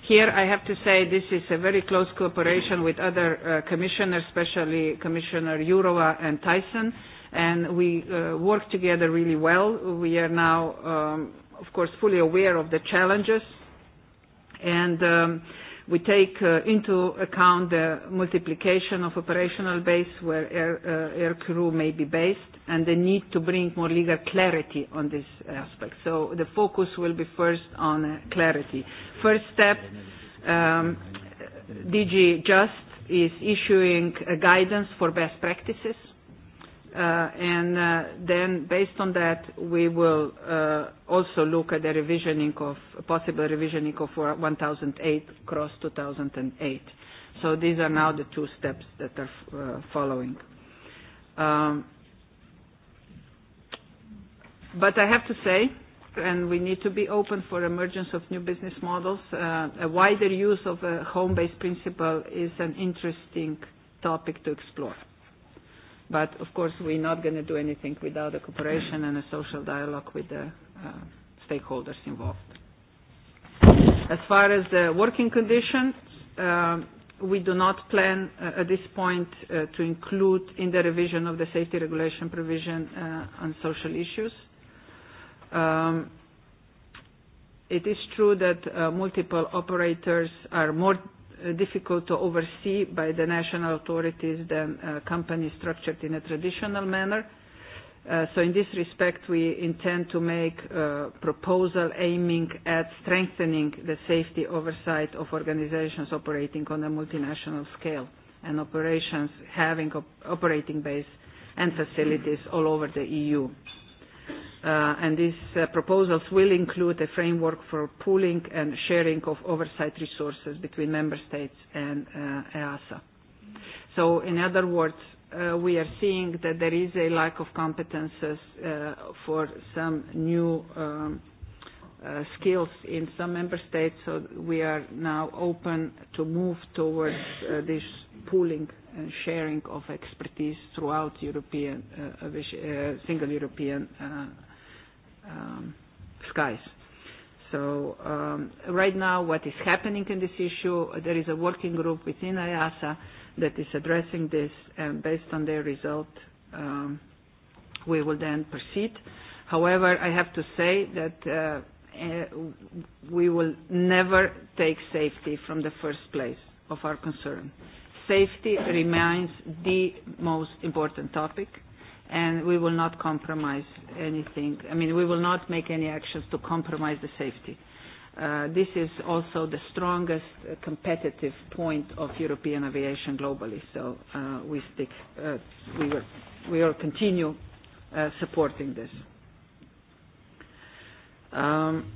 Here, I have to say this is a very close cooperation with other uh, commissioners, especially Commissioner Jourova and Tyson, and we uh, work together really well. We are now, um, of course, fully aware of the challenges, and um, We take uh, into account the multiplication of operational base where air, uh, air crew may be based and the need to bring more legal clarity on this aspect. So the focus will be first on uh, clarity. First step, um, DG Just is issuing a guidance for best practices Uh, and uh, then based on that, we will uh, also look at the revisioning of possible revisioning of 1008 cross 2008. So these are now the two steps that are uh, following. Um, but I have to say, and we need to be open for emergence of new business models. Uh, a wider use of a home-based principle is an interesting topic to explore. But of course, we're not going to do anything without a cooperation and a social dialogue with the uh, stakeholders involved. As far as the working conditions, uh, we do not plan uh, at this point uh, to include in the revision of the safety regulation provision uh, on social issues. Um, it is true that uh, multiple operators are more difficult to oversee by the national authorities than uh, companies structured in a traditional manner. Uh, so in this respect, we intend to make a uh, proposal aiming at strengthening the safety oversight of organizations operating on a multinational scale and operations having op operating base and facilities all over the EU. Uh, and these uh, proposals will include a framework for pooling and sharing of oversight resources between member states and uh, EASA. So in other words, uh, we are seeing that there is a lack of competences uh, for some new um, uh, skills in some member states, so we are now open to move towards uh, this pooling and sharing of expertise throughout European, uh, uh single European uh, um, skies. So um, right now what is happening in this issue, there is a working group within IASA that is addressing this and based on their result um, we will then proceed. However, I have to say that uh, eh, we will never take safety from the first place of our concern. Safety remains the most important topic and we will not compromise anything. I mean, we will not make any actions to compromise the safety. Uh, this is also the strongest competitive point of European aviation globally. So uh, we stick, uh, we will, we will continue uh, supporting this. Um,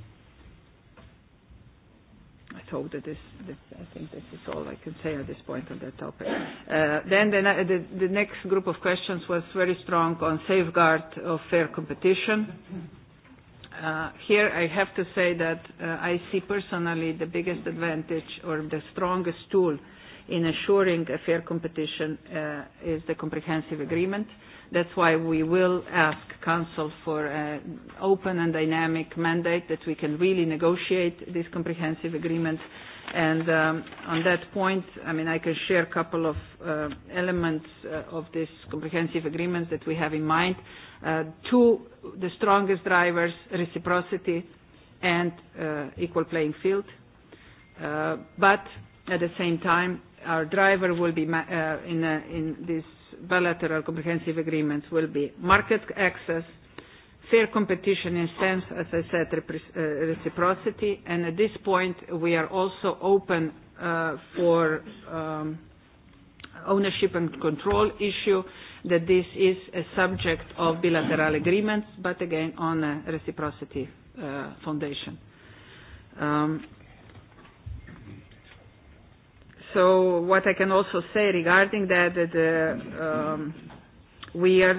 so that is, this I think this is all I can say at this point on that topic. Uh, then the, the, the next group of questions was very strong on safeguard of fair competition. Uh, here I have to say that uh, I see personally the biggest advantage or the strongest tool in assuring a fair competition uh, is the comprehensive agreement. Uh, That's why we will ask Council for an open and dynamic mandate that we can really negotiate this comprehensive agreement. And um, on that point, I mean, I can share a couple of uh, elements uh, of this comprehensive agreement that we have in mind. Uh, two, the strongest drivers, reciprocity and uh, equal playing field. Uh, but at the same time, our driver will be uh, in, a, uh, in this bilateral comprehensive agreements will be market access, fair competition in sense, as I said, uh, reciprocity. And at this point, we are also open uh, for um, ownership and control issue, that this is a subject of bilateral agreements, but again, on a reciprocity uh, foundation. Um, So what I can also say regarding that, that uh, um, we are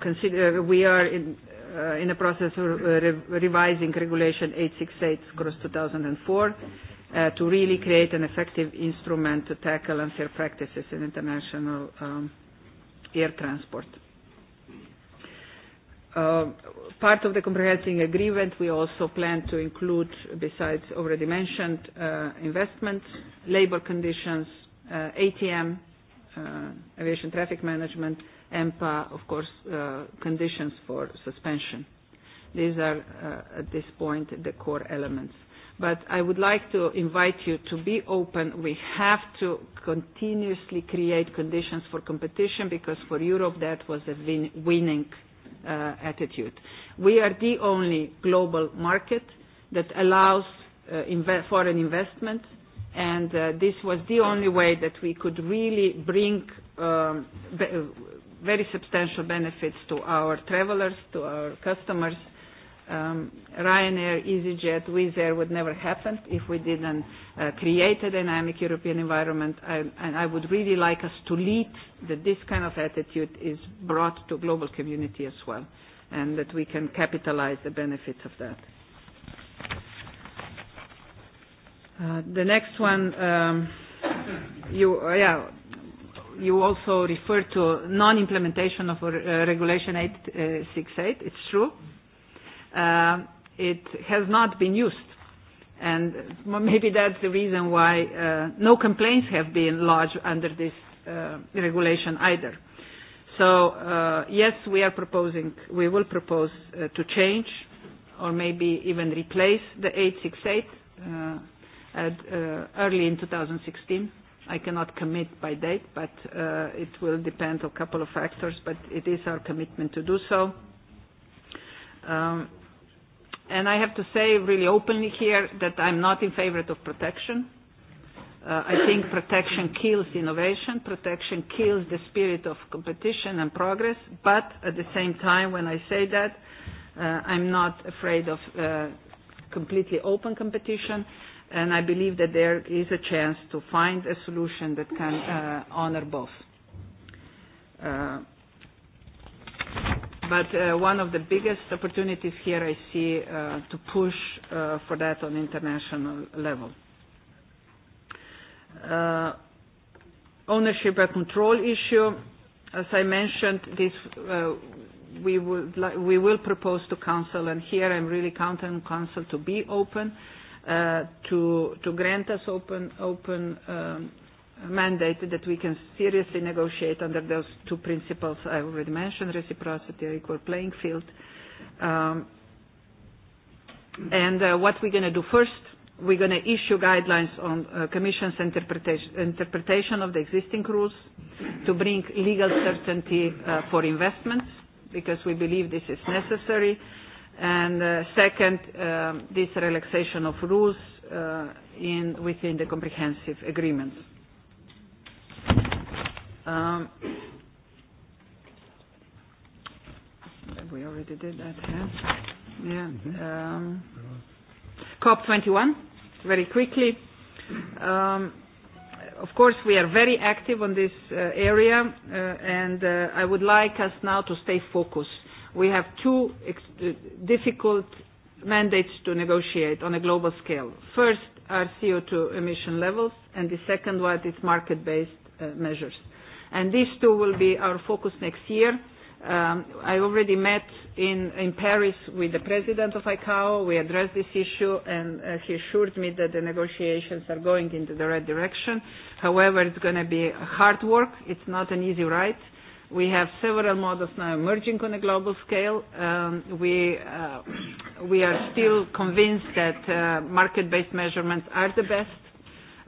consider we are in uh, in the process of re revising Regulation 868/2004 uh, to really create an effective instrument to tackle unfair practices in international um, air transport. Uh, part of the comprehensive agreement, we also plan to include, besides already mentioned, uh, investment, labor conditions, uh, ATM, uh, aviation traffic management, EMPA, of course, uh, conditions for suspension. These are, uh, at this point, the core elements. But I would like to invite you to be open. We have to continuously create conditions for competition because for Europe that was a win winning uh, uh, attitude. We are the only global market that allows uh, foreign investment, and uh, this was the only way that we could really bring um, very substantial benefits to our travelers, to our customers, um, Ryanair, EasyJet, Wizz Air would never happen if we didn't uh, create a dynamic European environment. I, and I would really like us to lead that this kind of attitude is brought to global community as well, and that we can capitalize the benefits of that. Uh, the next one, um, you, uh, yeah, you also referred to non-implementation of uh, Regulation 868. Uh, It's true uh, it has not been used. And maybe that's the reason why uh, no complaints have been lodged under this uh, regulation either. So uh, yes, we are proposing, we will propose uh, to change or maybe even replace the 868 uh, at, uh, early in 2016. I cannot commit by date, but uh, it will depend on a couple of factors, but it is our commitment to do so. Um, and I have to say really openly here that I'm not in favor of protection. Uh, I think protection kills innovation, protection kills the spirit of competition and progress, but at the same time, when I say that, uh, I'm not afraid of uh, completely open competition, and I believe that there is a chance to find a solution that can uh, honor both. Uh, But uh, one of the biggest opportunities here I see uh, to push uh, for that on international level. Uh, ownership and control issue, as I mentioned, this uh, we, would like, we will propose to council, and here I'm really counting on council to be open, uh, to, to grant us open, open um, mandate that we can seriously negotiate under those two principles I already mentioned, reciprocity or equal playing field. Um, and uh, what we're going to do first, we're going to issue guidelines on uh, Commission's interpretation, interpretation of the existing rules to bring legal certainty uh, for investments, because we believe this is necessary. And uh, second, um, this relaxation of rules uh, in, within the comprehensive agreements. Um, we already did that. Huh? Yeah. Mm-hmm. Um, COP21, very quickly. Um, of course, we are very active on this uh, area, uh, and uh, I would like us now to stay focused. We have two ex- uh, difficult mandates to negotiate on a global scale. First are CO2 emission levels, and the second one is market-based uh, measures. Uh, and these two will be our focus next year. Um, I already met in, in Paris with the president of ICAO. We addressed this issue, and uh, he assured me that the negotiations are going into the right direction. However, it's going to be hard work. It's not an easy ride. We have several models now emerging on a global scale. Um, we, uh, we are still convinced that uh, market-based measurements are the best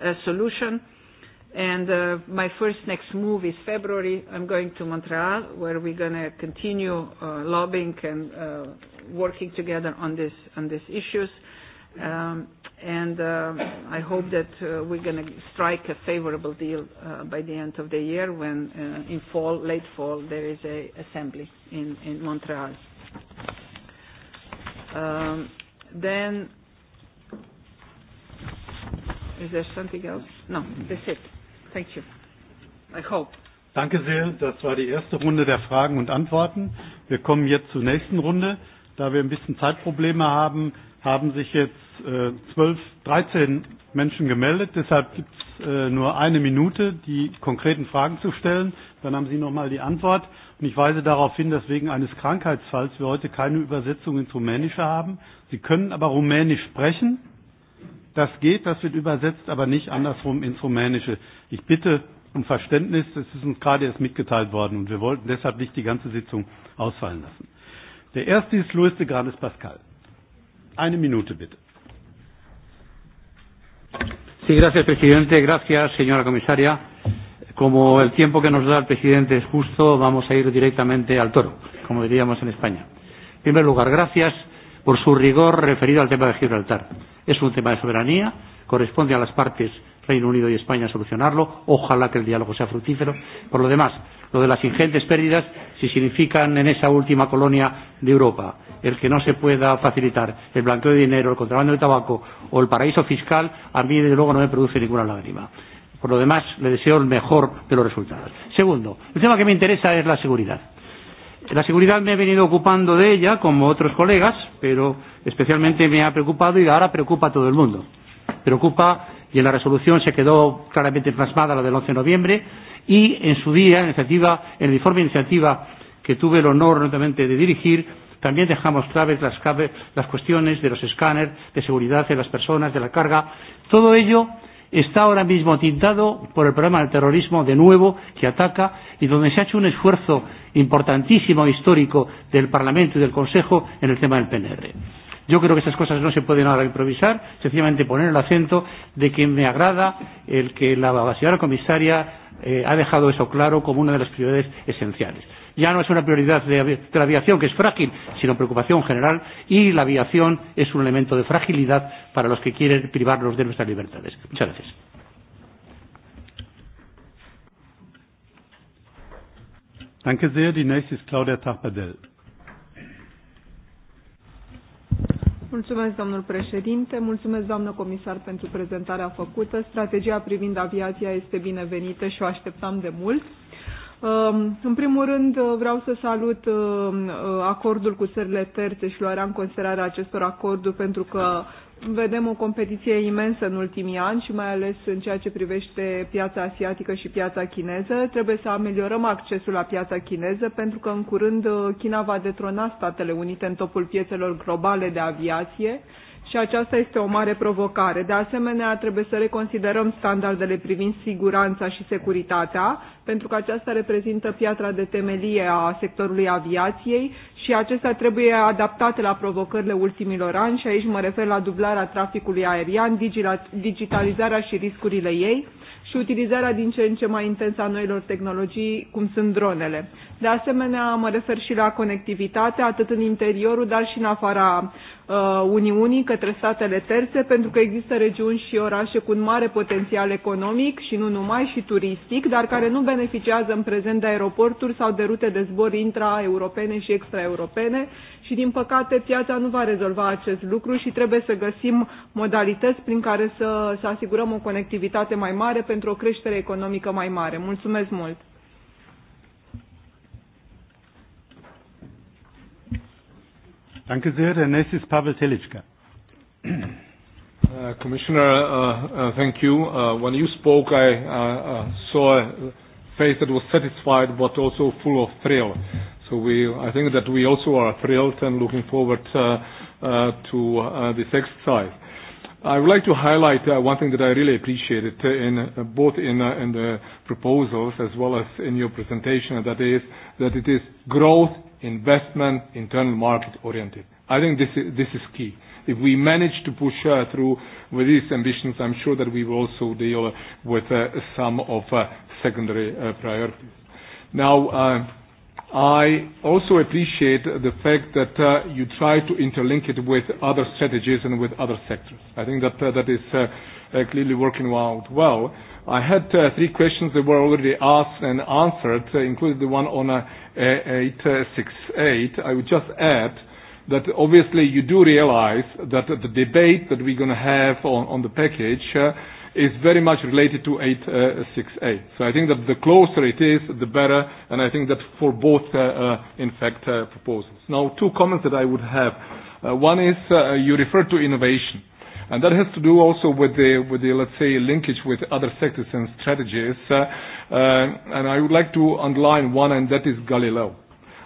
uh, solution. And uh, my first next move is February. I'm going to Montreal, where we're going to continue uh, lobbying and uh, working together on this on these issues. Um, and uh, I hope that uh, we're going to strike a favorable deal uh, by the end of the year, when uh, in fall, late fall, there is a assembly in in Montreal. Um, then. Is there something else? No, that's it. Thank you. I hope. Danke sehr. Das war die erste Runde der Fragen und Antworten. Wir kommen jetzt zur nächsten Runde. Da wir ein bisschen Zeitprobleme haben, haben sich jetzt äh, 12, 13 Menschen gemeldet. Deshalb gibt es äh, nur eine Minute, die konkreten Fragen zu stellen. Dann haben Sie nochmal die Antwort. Und ich weise darauf hin, dass wegen eines Krankheitsfalls wir heute keine Übersetzung ins Rumänische haben. Sie können aber Rumänisch sprechen. Das geht, das wird übersetzt, aber nicht andersrum ins Rumänische. Ich bitte um Verständnis, es ist uns gerade erst mitgeteilt worden und wir wollten deshalb nicht die ganze Sitzung ausfallen lassen. Der erste ist Luis de Granes Pascal. Eine Minute bitte. Sí, gracias, presidente. Gracias, señora comisaria. Como el tiempo que nos da el presidente es justo, vamos a ir directamente al toro, como diríamos en España. En primer lugar, gracias por su rigor referido al tema de Gibraltar Es un tema de soberanía, corresponde a las partes Reino Unido y España solucionarlo. Ojalá que el diálogo sea fructífero. Por lo demás, lo de las ingentes pérdidas, si significan en esa última colonia de Europa el que no se pueda facilitar el blanqueo de dinero, el contrabando de tabaco o el paraíso fiscal, a mí desde luego no me produce ninguna lágrima. Por lo demás, le deseo el mejor de los resultados. Segundo, el tema que me interesa es la seguridad. La seguridad me he venido ocupando de ella, como otros colegas, pero especialmente me ha preocupado y ahora preocupa a todo el mundo. Preocupa, y en la resolución se quedó claramente plasmada la del 11 de noviembre, y en su día, en, iniciativa, en el informe de iniciativa que tuve el honor notamente de dirigir, también dejamos claves las, las cuestiones de los escáneres, de seguridad de las personas, de la carga. Todo ello está ahora mismo tintado por el problema del terrorismo de nuevo que ataca y donde se ha hecho un esfuerzo importantísimo histórico del Parlamento y del Consejo en el tema del PNR. Yo creo que esas cosas no se pueden ahora improvisar, sencillamente poner el acento de que me agrada el que la señora comisaria eh, ha dejado eso claro como una de las prioridades esenciales. Ya no es una prioridad de, de la aviación, que es frágil, sino preocupación general, y la aviación es un elemento de fragilidad para los que quieren privarnos de nuestras libertades. Muchas gracias. Danke sehr. Die nächste ist Claudia Tapadell. Mulțumesc, domnul președinte. Mulțumesc, doamnă comisar, pentru prezentarea făcută. Strategia privind aviația este binevenită și o așteptam de mult. Um, în primul rând, uh, vreau să salut um, uh, acordul cu țările terțe și luarea în considerare acestor acorduri, pentru că vedem o competiție imensă în ultimii ani și mai ales în ceea ce privește piața asiatică și piața chineză. Trebuie să ameliorăm accesul la piața chineză pentru că în curând uh, China va detrona Statele Unite în topul piețelor globale de aviație și aceasta este o mare provocare. De asemenea, trebuie să reconsiderăm standardele privind siguranța și securitatea, pentru că aceasta reprezintă piatra de temelie a sectorului aviației și acestea trebuie adaptate la provocările ultimilor ani și aici mă refer la dublarea traficului aerian, digitalizarea și riscurile ei și utilizarea din ce în ce mai intensă a noilor tehnologii, cum sunt dronele. De asemenea, mă refer și la conectivitate, atât în interiorul, dar și în afara Uh, Uniunii către statele terțe, pentru că există regiuni și orașe cu un mare potențial economic și nu numai și turistic, dar care nu beneficiază în prezent de aeroporturi sau de rute de zbor europene și extraeuropene și, din păcate, piața nu va rezolva acest lucru și trebuie să găsim modalități prin care să, să asigurăm o conectivitate mai mare pentru o creștere economică mai mare. Mulțumesc mult! Danke sehr. Der nächste ist Pavel Telitschka. Uh, Commissioner, uh, uh, thank you. Uh, when you spoke, I uh, uh, saw a face that was satisfied but also full of thrill. So we, I think that we also are thrilled and looking forward uh, uh, to uh, this exercise. I would like to highlight uh, one thing that I really appreciated uh, in uh, both in, uh, in the proposals as well as in your presentation, and that is that it is growth investment, internal market oriented. I think this is, this is key. If we manage to push uh, through with these ambitions, I'm sure that we will also deal with uh, some of uh, secondary uh, priorities. Now, uh, I also appreciate the fact that uh, you try to interlink it with other strategies and with other sectors. I think that uh, that is uh, uh, clearly working out well. I had uh, three questions that were already asked and answered, uh, including the one on uh, 868, I would just add that obviously you do realize that the debate that we're going to have on, on the package uh, is very much related to 868. Uh, so I think that the closer it is, the better, and I think that for both, uh, uh, in fact, uh, proposals. Now, two comments that I would have. Uh, one is uh, you refer to innovation. And that has to do also with the, with the let's say, linkage with other sectors and strategies. Uh, uh, and I would like to underline one, and that is Galileo.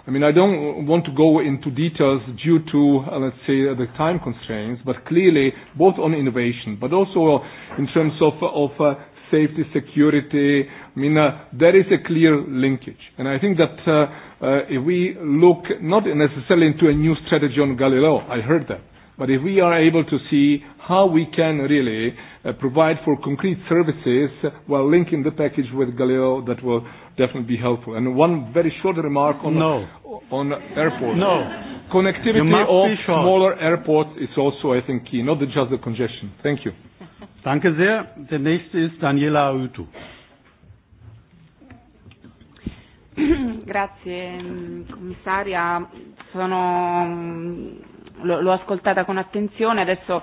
I mean, I don't want to go into details due to, uh, let's say, the time constraints, but clearly, both on innovation, but also in terms of, of uh, safety, security. I mean, uh, there is a clear linkage. And I think that uh, uh, if we look not necessarily into a new strategy on Galileo, I heard that, But if we are able to see how we can really uh, provide for concrete services while linking the package with Galileo, that will definitely be helpful. And one very short remark on, no. on airports. No. Connectivity of smaller airports is also, I think, key, not just the congestion. Thank you. Danke sehr. Der nächste ist Daniela Autu. Grazie commissaria, sono l'ho ascoltata con attenzione, adesso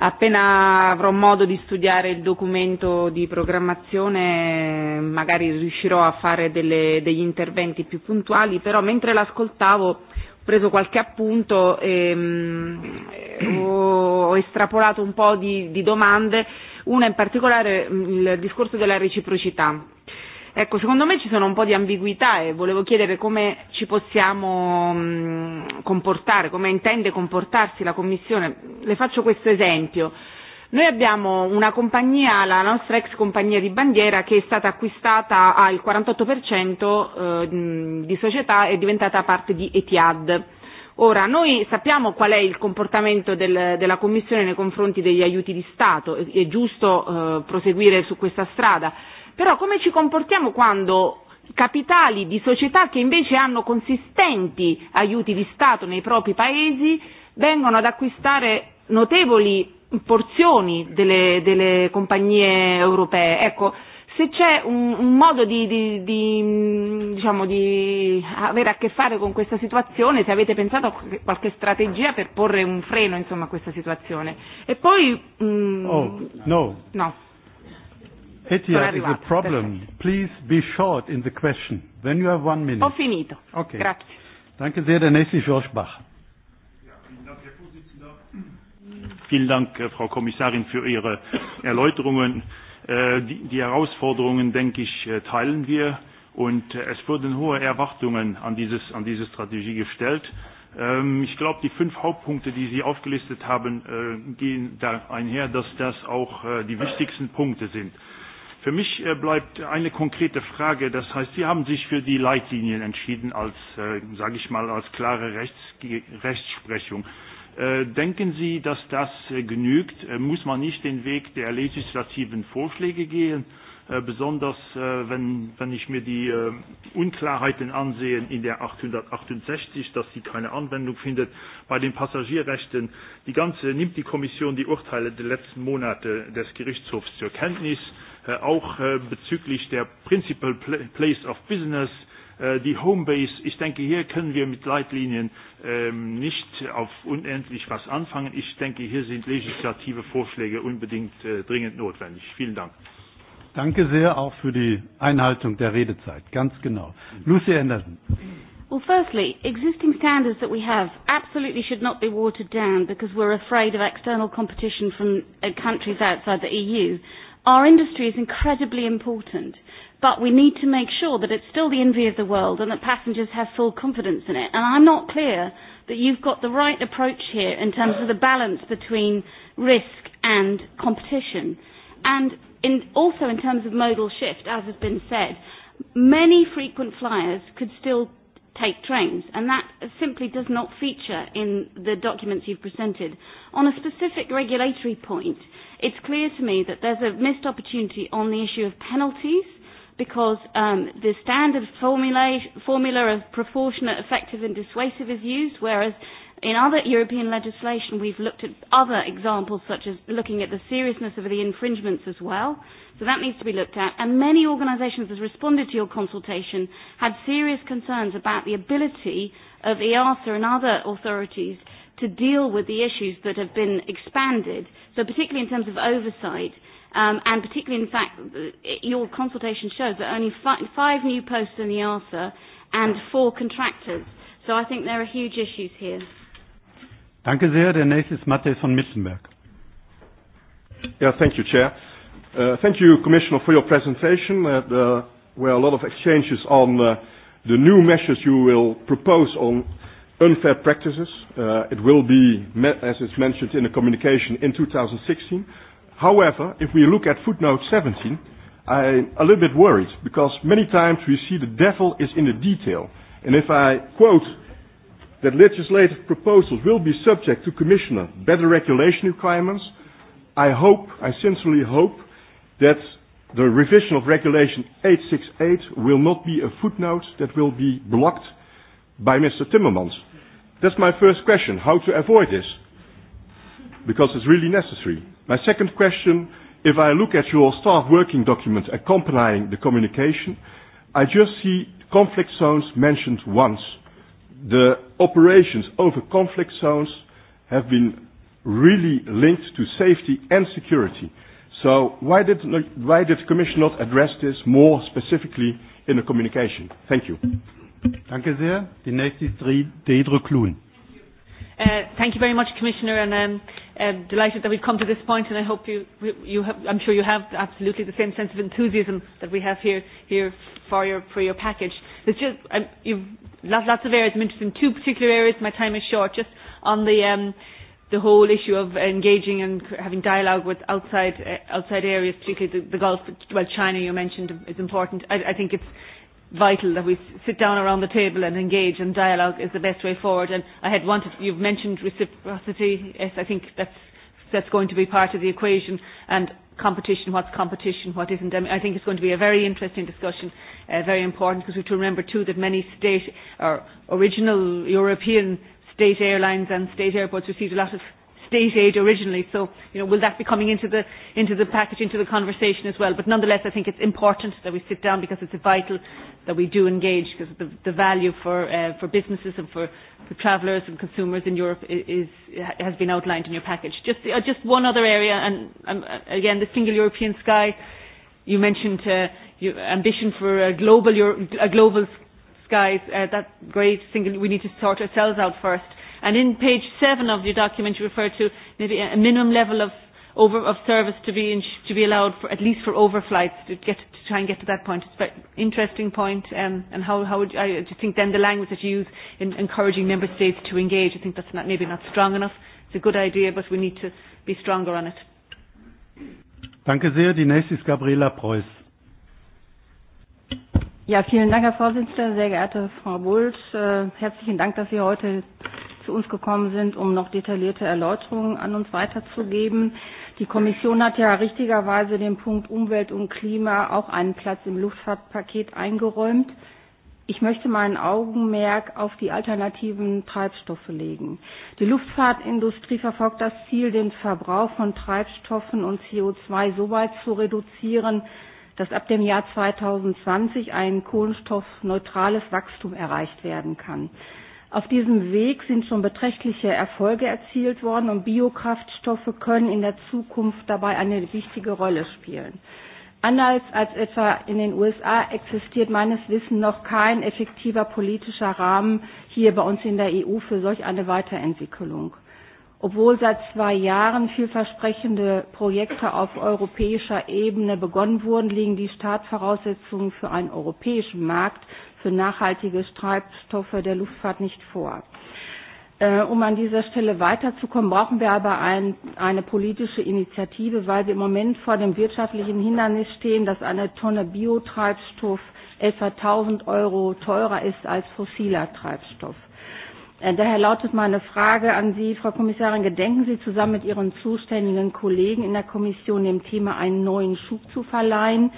appena avrò modo di studiare il documento di programmazione magari riuscirò a fare delle, degli interventi più puntuali, però mentre l'ascoltavo ho preso qualche appunto e mh, mm, ho ho estrapolato un po' di, di domande, una in particolare mm, il discorso della reciprocità. Ecco, secondo me ci sono un po' di ambiguità e volevo chiedere come ci possiamo mm, comportare, come intende comportarsi la Commissione. Le faccio questo esempio. Noi abbiamo una compagnia, la nostra ex compagnia di bandiera, che è stata acquistata al 48% eh, mm, di società e è diventata parte di Etihad. Ora, noi sappiamo qual è il comportamento del, della Commissione nei confronti degli aiuti di Stato, è, è giusto eh, proseguire su questa strada Però come ci comportiamo quando capitali di società che invece hanno consistenti aiuti di Stato nei propri paesi vengono ad acquistare notevoli porzioni delle, delle compagnie europee. Ecco, se c'è un, un modo di, di, di, diciamo, di avere a che fare con questa situazione, se avete pensato a qualche strategia per porre un freno insomma, a questa situazione. E poi... Mm, oh, no. no. Etia, is a problem. Perfect. Please be short in the question. Then you have one minute. Ho finito. Okay. Grazie. Danke sehr. Der nächste George Bach. vielen Dank, eh, Frau Kommissarin, für Ihre Erläuterungen. Äh, die Herausforderungen, denke ich, äh, teilen wir. Und äh, es wurden hohe Erwartungen an, dieses, an diese Strategie gestellt. Ähm, ich glaube, die fünf Hauptpunkte, die Sie aufgelistet haben, gehen da einher, dass das auch die wichtigsten Punkte sind. Für mich äh, bleibt eine konkrete Frage. Das heißt, Sie haben sich für die Leitlinien entschieden als, äh, sage ich mal, als klare Rechts Rechtsprechung. Äh, denken Sie, dass das genügt? muss man nicht den Weg der legislativen Vorschläge gehen? besonders wenn, wenn ich mir die Unklarheiten ansehe in der 868, dass sie keine Anwendung findet. Bei den Passagierrechten, die ganze nimmt die Kommission die Urteile der letzten Monate des Gerichtshofs zur Kenntnis Äh, auch äh, bezüglich der Principal Place of Business, äh, die Homebase, ich denke, hier können wir mit Leitlinien ähm, nicht auf unendlich was anfangen. Ich denke, hier sind legislative Vorschläge unbedingt dringend notwendig. Vielen Dank. Danke sehr auch für die Einhaltung der Redezeit. Ganz genau. Lucy Anderson. Well, firstly, existing standards that we have absolutely should not be watered down because we're afraid of external competition from uh, countries outside the EU. Our industry is incredibly important, but we need to make sure that it's still the envy of the world and that passengers have full confidence in it. And I'm not clear that you've got the right approach here in terms of the balance between risk and competition. And in, also in terms of modal shift, as has been said, many frequent flyers could still take trains, and that simply does not feature in the documents you've presented. On a specific regulatory point, it's clear to me that there's a missed opportunity on the issue of penalties because um, the standard formula, formula of proportionate, effective and dissuasive is used, whereas in other European legislation we've looked at other examples such as looking at the seriousness of the infringements as well. So that needs to be looked at. And many organisations that responded to your consultation had serious concerns about the ability of EASA and other authorities to deal with the issues that have been expanded, so particularly in terms of oversight, um, and particularly in fact, uh, your consultation shows that only fi- five new posts in the ARSA and four contractors. So I think there are huge issues here. Danke sehr. Der nächste ist Matthias von Mittenberg. Yeah, thank you, Chair. Uh, thank you, Commissioner, for your presentation. Uh, there were a lot of exchanges on uh, the new measures you will propose on unfair practices. Uh, it will be, as is mentioned in the communication, in 2016. However, if we look at footnote 17, I'm a little bit worried because many times we see the devil is in the detail. And if I quote that legislative proposals will be subject to commissioner better regulation requirements, I hope, I sincerely hope, that the revision of Regulation 868 will not be a footnote that will be blocked by Mr. Timmermans. That's my first question, how to avoid this, because it's really necessary. My second question, if I look at your staff working document accompanying the communication, I just see conflict zones mentioned once. The operations over conflict zones have been really linked to safety and security. So why did, why did the Commission not address this more specifically in the communication? Thank you. Danke sehr. Die nächste ist Deidre Kluhn. Uh, thank you very much, Commissioner, and I'm um, uh, delighted that we've come to this point, and I hope you, you have, I'm sure you have absolutely the same sense of enthusiasm that we have here, here for, your, for your package. There's just, um, you've lots, lots of areas. I'm interested in two particular areas. My time is short. Just on the, um, the whole issue of engaging and having dialogue with outside, uh, outside areas, particularly the, the Gulf, well, China you mentioned is important. I, I think it's vital that we sit down around the table and engage and dialogue is the best way forward. And I had wanted, you've mentioned reciprocity. Yes, I think that's, that's going to be part of the equation. And competition, what's competition, what isn't. I, mean, I think it's going to be a very interesting discussion, uh, very important, because we have to remember too that many state or original European state airlines and state airports received a lot of state aid originally. So, you know, will that be coming into the, into the package, into the conversation as well? But nonetheless, I think it's important that we sit down because it's vital that we do engage because the, the value for, uh, for businesses and for, for travellers and consumers in Europe is, is, has been outlined in your package. Just, uh, just one other area, and um, uh, again, the single European sky. You mentioned uh, your ambition for a global, Euro- a global skies. Uh, that great. Single, we need to sort ourselves out first And in page seven of the document you refer to maybe a minimum level of, over, of service to be, in, to be allowed for, at least for overflights to, get, to try and get to that point. It's an interesting point um, and how, how would you, I do you think then the language that you use in encouraging member states to engage, I think that's not, maybe not strong enough. It's a good idea but we need to be stronger on it. Danke sehr. Die nächste ist Gabriela Preuß. Ja, vielen Dank, Herr Vorsitzender, sehr geehrte Frau Bult. Äh, herzlichen Dank, dass Sie heute zu uns gekommen sind, um noch detaillierte Erläuterungen an uns weiterzugeben. Die Kommission hat ja richtigerweise den Punkt Umwelt und Klima auch einen Platz im Luftfahrtpaket eingeräumt. Ich möchte mein Augenmerk auf die alternativen Treibstoffe legen. Die Luftfahrtindustrie verfolgt das Ziel, den Verbrauch von Treibstoffen und CO2 so weit zu reduzieren, dass ab dem Jahr 2020 ein kohlenstoffneutrales Wachstum erreicht werden kann. Auf diesem Weg sind schon beträchtliche Erfolge erzielt worden und Biokraftstoffe können in der Zukunft dabei eine wichtige Rolle spielen. Anders als etwa in den USA existiert meines Wissens noch kein effektiver politischer Rahmen hier bei uns in der EU für solch eine Weiterentwicklung. Obwohl seit zwei Jahren vielversprechende Projekte auf europäischer Ebene begonnen wurden, liegen die Startvoraussetzungen für einen europäischen Markt für nachhaltige Treibstoffe der Luftfahrt nicht vor. Äh, um an dieser Stelle weiterzukommen, brauchen wir aber ein, eine politische Initiative, weil wir im Moment vor dem wirtschaftlichen Hindernis stehen, dass eine Tonne Biotreibstoff etwa 1000 Euro teurer ist als fossiler Treibstoff. Äh, daher lautet meine Frage an Sie, Frau Kommissarin, gedenken Sie zusammen mit Ihren zuständigen Kollegen in der Kommission dem Thema einen neuen Schub zu verleihen?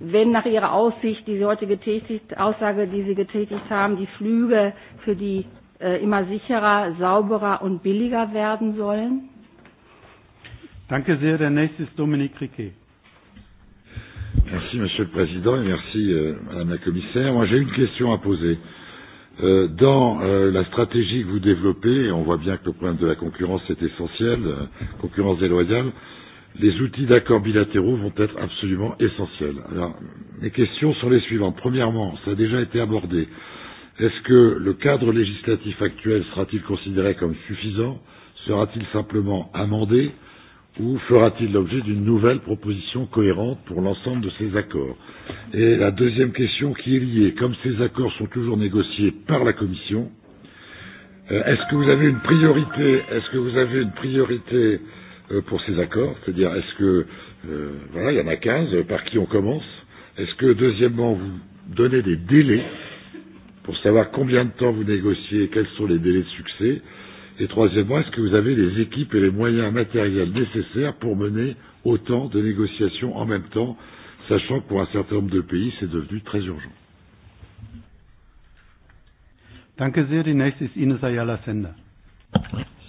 Wenn nach Ihrer Aussicht, die Sie heute getätigt, Aussage, die Sie getätigt haben, die Flüge für die äh, immer sicherer, sauberer und billiger werden sollen? Danke sehr. Der nächste ist Dominique Riquet. Merci, Monsieur le Président, et merci, euh, Madame la Commissaire. Moi, j'ai une question à poser. Euh, Euh, dans euh, la stratégie que vous développez, on voit bien que le problème de la concurrence est essentiel, euh, concurrence déloyale, les outils d'accords bilatéraux vont être absolument essentiels. Alors, mes questions sont les suivantes. Premièrement, ça a déjà été abordé. Est-ce que le cadre législatif actuel sera-t-il considéré comme suffisant Sera-t-il simplement amendé euh, ou fera-t-il l'objet d'une nouvelle proposition cohérente pour l'ensemble de ces accords Et la deuxième question qui est liée, comme ces accords sont toujours négociés par la Commission, euh, est-ce que vous avez une priorité Est-ce que vous avez une priorité euh, pour ces accords C'est-à-dire, est-ce que euh, voilà, il y en a 15, euh, par qui on commence Est-ce que deuxièmement, vous donnez des délais pour savoir combien de temps vous négociez, quels sont les délais de succès Et troisièmement, est-ce que vous avez les équipes et les moyens matériels nécessaires pour mener autant de négociations en même temps, sachant que pour un certain nombre de pays, c'est devenu très urgent Danke sehr. Die nächste ist Ines Ayala Sender.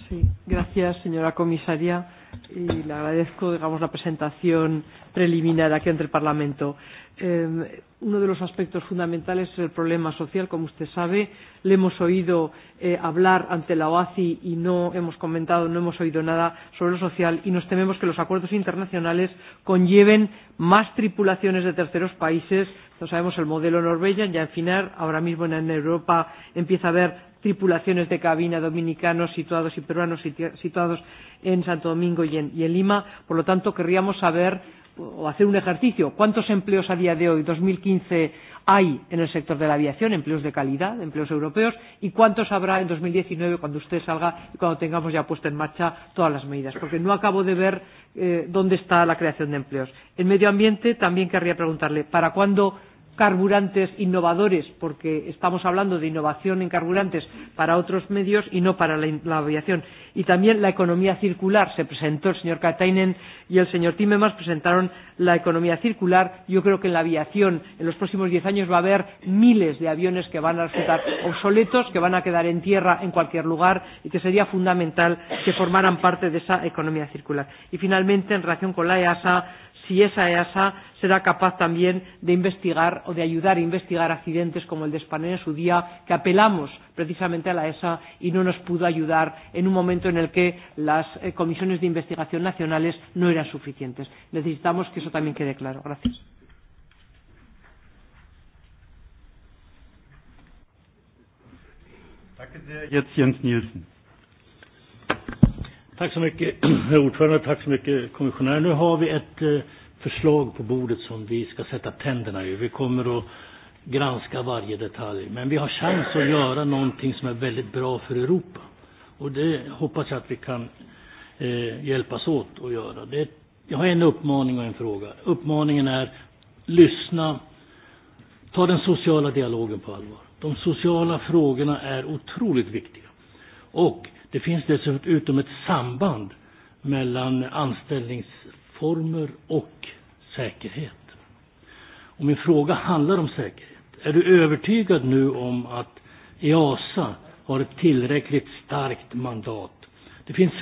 Sí, gracias, señora comisaria y le agradezco digamos, la presentación preliminar aquí ante el Parlamento. Eh, uno de los aspectos fundamentales es el problema social. Como usted sabe, le hemos oído eh, hablar ante la OACI y no hemos comentado, no hemos oído nada sobre lo social y nos tememos que los acuerdos internacionales conlleven más tripulaciones de terceros países. No sabemos el modelo Norwegian, ya en final, ahora mismo en Europa empieza a haber tripulaciones de cabina dominicanos situados y peruanos situados en Santo Domingo y en, y en Lima. Por lo tanto, querríamos saber o hacer un ejercicio. ¿Cuántos empleos a día de hoy, 2015, hay en el sector de la aviación, empleos de calidad, empleos europeos? ¿Y cuántos habrá en 2019 cuando usted salga y cuando tengamos ya puesta en marcha todas las medidas? Porque no acabo de ver eh, dónde está la creación de empleos. En medio ambiente también querría preguntarle, ¿para cuándo carburantes innovadores, porque estamos hablando de innovación en carburantes para otros medios y no para la, la aviación. Y también la economía circular. Se presentó el señor Katainen y el señor Timemas presentaron la economía circular. Yo creo que en la aviación en los próximos diez años va a haber miles de aviones que van a resultar obsoletos, que van a quedar en tierra en cualquier lugar y que sería fundamental que formaran parte de esa economía circular. Y finalmente, en relación con la EASA, si esa EASA será capaz también de investigar o de ayudar a investigar accidentes como el de Spanair en su día, que apelamos precisamente a la ESA y no nos pudo ayudar en un momento en el que las eh, comisiones de investigación nacionales no eran suficientes. Necesitamos que eso también quede claro. Gracias. Danke sehr. Nielsen. Tack så mycket, (clears throat) herr ordförande. Tack så mycket, kommissionär. Nu har vi ett eh, förslag på bordet som vi ska sätta tänderna i. Vi kommer att granska varje detalj. Men vi har chans att göra någonting som är väldigt bra för Europa. Och det hoppas jag att vi kan eh, hjälpas åt att göra. Det, jag har en uppmaning och en fråga. Uppmaningen är lyssna, ta den sociala dialogen på allvar. De sociala frågorna är otroligt viktiga. Och det finns dessutom ett samband mellan anställnings former och säkerhet. Och min fråga handlar om säkerhet. Är du övertygad nu om att EASA har ett tillräckligt starkt mandat? Det finns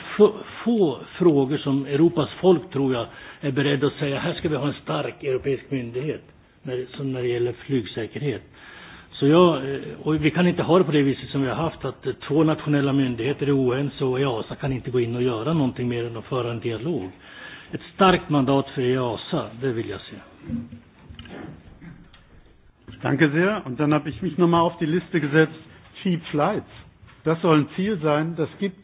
få frågor som Europas folk, tror jag, är beredda att säga här ska vi ha en stark europeisk myndighet, när, som när det gäller flygsäkerhet. Så jag, eh, och vi kan inte ha det på det viset som vi har haft, att eh, två nationella myndigheter är oense och EASA kan inte gå in och göra någonting mer än att föra en dialog ett starkt mandat för EASA, det vill jag se. Danke sehr. Und dann habe ich mich nochmal auf die Liste gesetzt. Cheap Flights. Das soll ein Ziel sein. Das gibt's.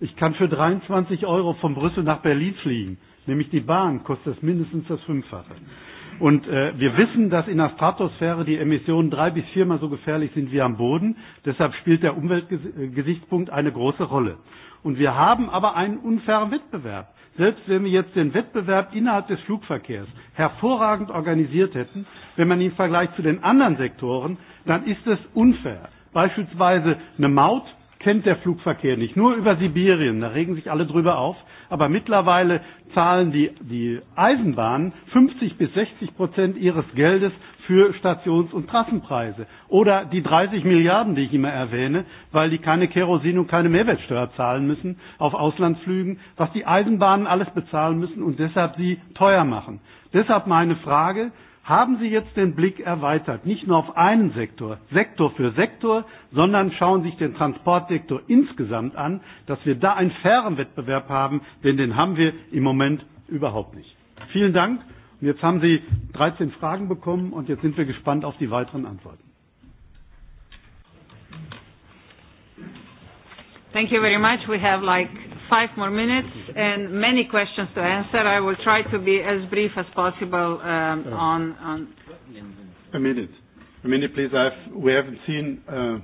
Ich kann für 23 Euro von Brüssel nach Berlin fliegen. Nämlich die Bahn kostet das mindestens das Fünffache. Und äh, wir wissen, dass in der Stratosphäre die Emissionen drei bis viermal so gefährlich sind wie am Boden. Deshalb spielt der Umweltgesichtspunkt eine große Rolle. Und wir haben aber einen unfairen Wettbewerb selbst wenn wir jetzt den Wettbewerb innerhalb des Flugverkehrs hervorragend organisiert hätten, wenn man ihn vergleicht zu den anderen Sektoren, dann ist es unfair. Beispielsweise eine Maut kennt der Flugverkehr nicht, nur über Sibirien, da regen sich alle drüber auf aber mittlerweile zahlen die, die Eisenbahnen 50 bis 60 Prozent ihres Geldes für Stations- und Trassenpreise. Oder die 30 Milliarden, die ich immer erwähne, weil die keine Kerosin und keine Mehrwertsteuer zahlen müssen auf Auslandsflügen, was die Eisenbahnen alles bezahlen müssen und deshalb sie teuer machen. Deshalb meine Frage, Haben Sie jetzt den Blick erweitert, nicht nur auf einen Sektor, Sektor für Sektor, sondern schauen Sie sich den Transportsektor insgesamt an, dass wir da einen fairen Wettbewerb haben, denn den haben wir im Moment überhaupt nicht. Vielen Dank. Und jetzt haben Sie 13 Fragen bekommen und jetzt sind wir gespannt auf die weiteren Antworten. Thank you very much. We have like five more minutes and many questions to answer. I will try to be as brief as possible um, on, on. A minute. A minute, please. I've, we haven't seen uh,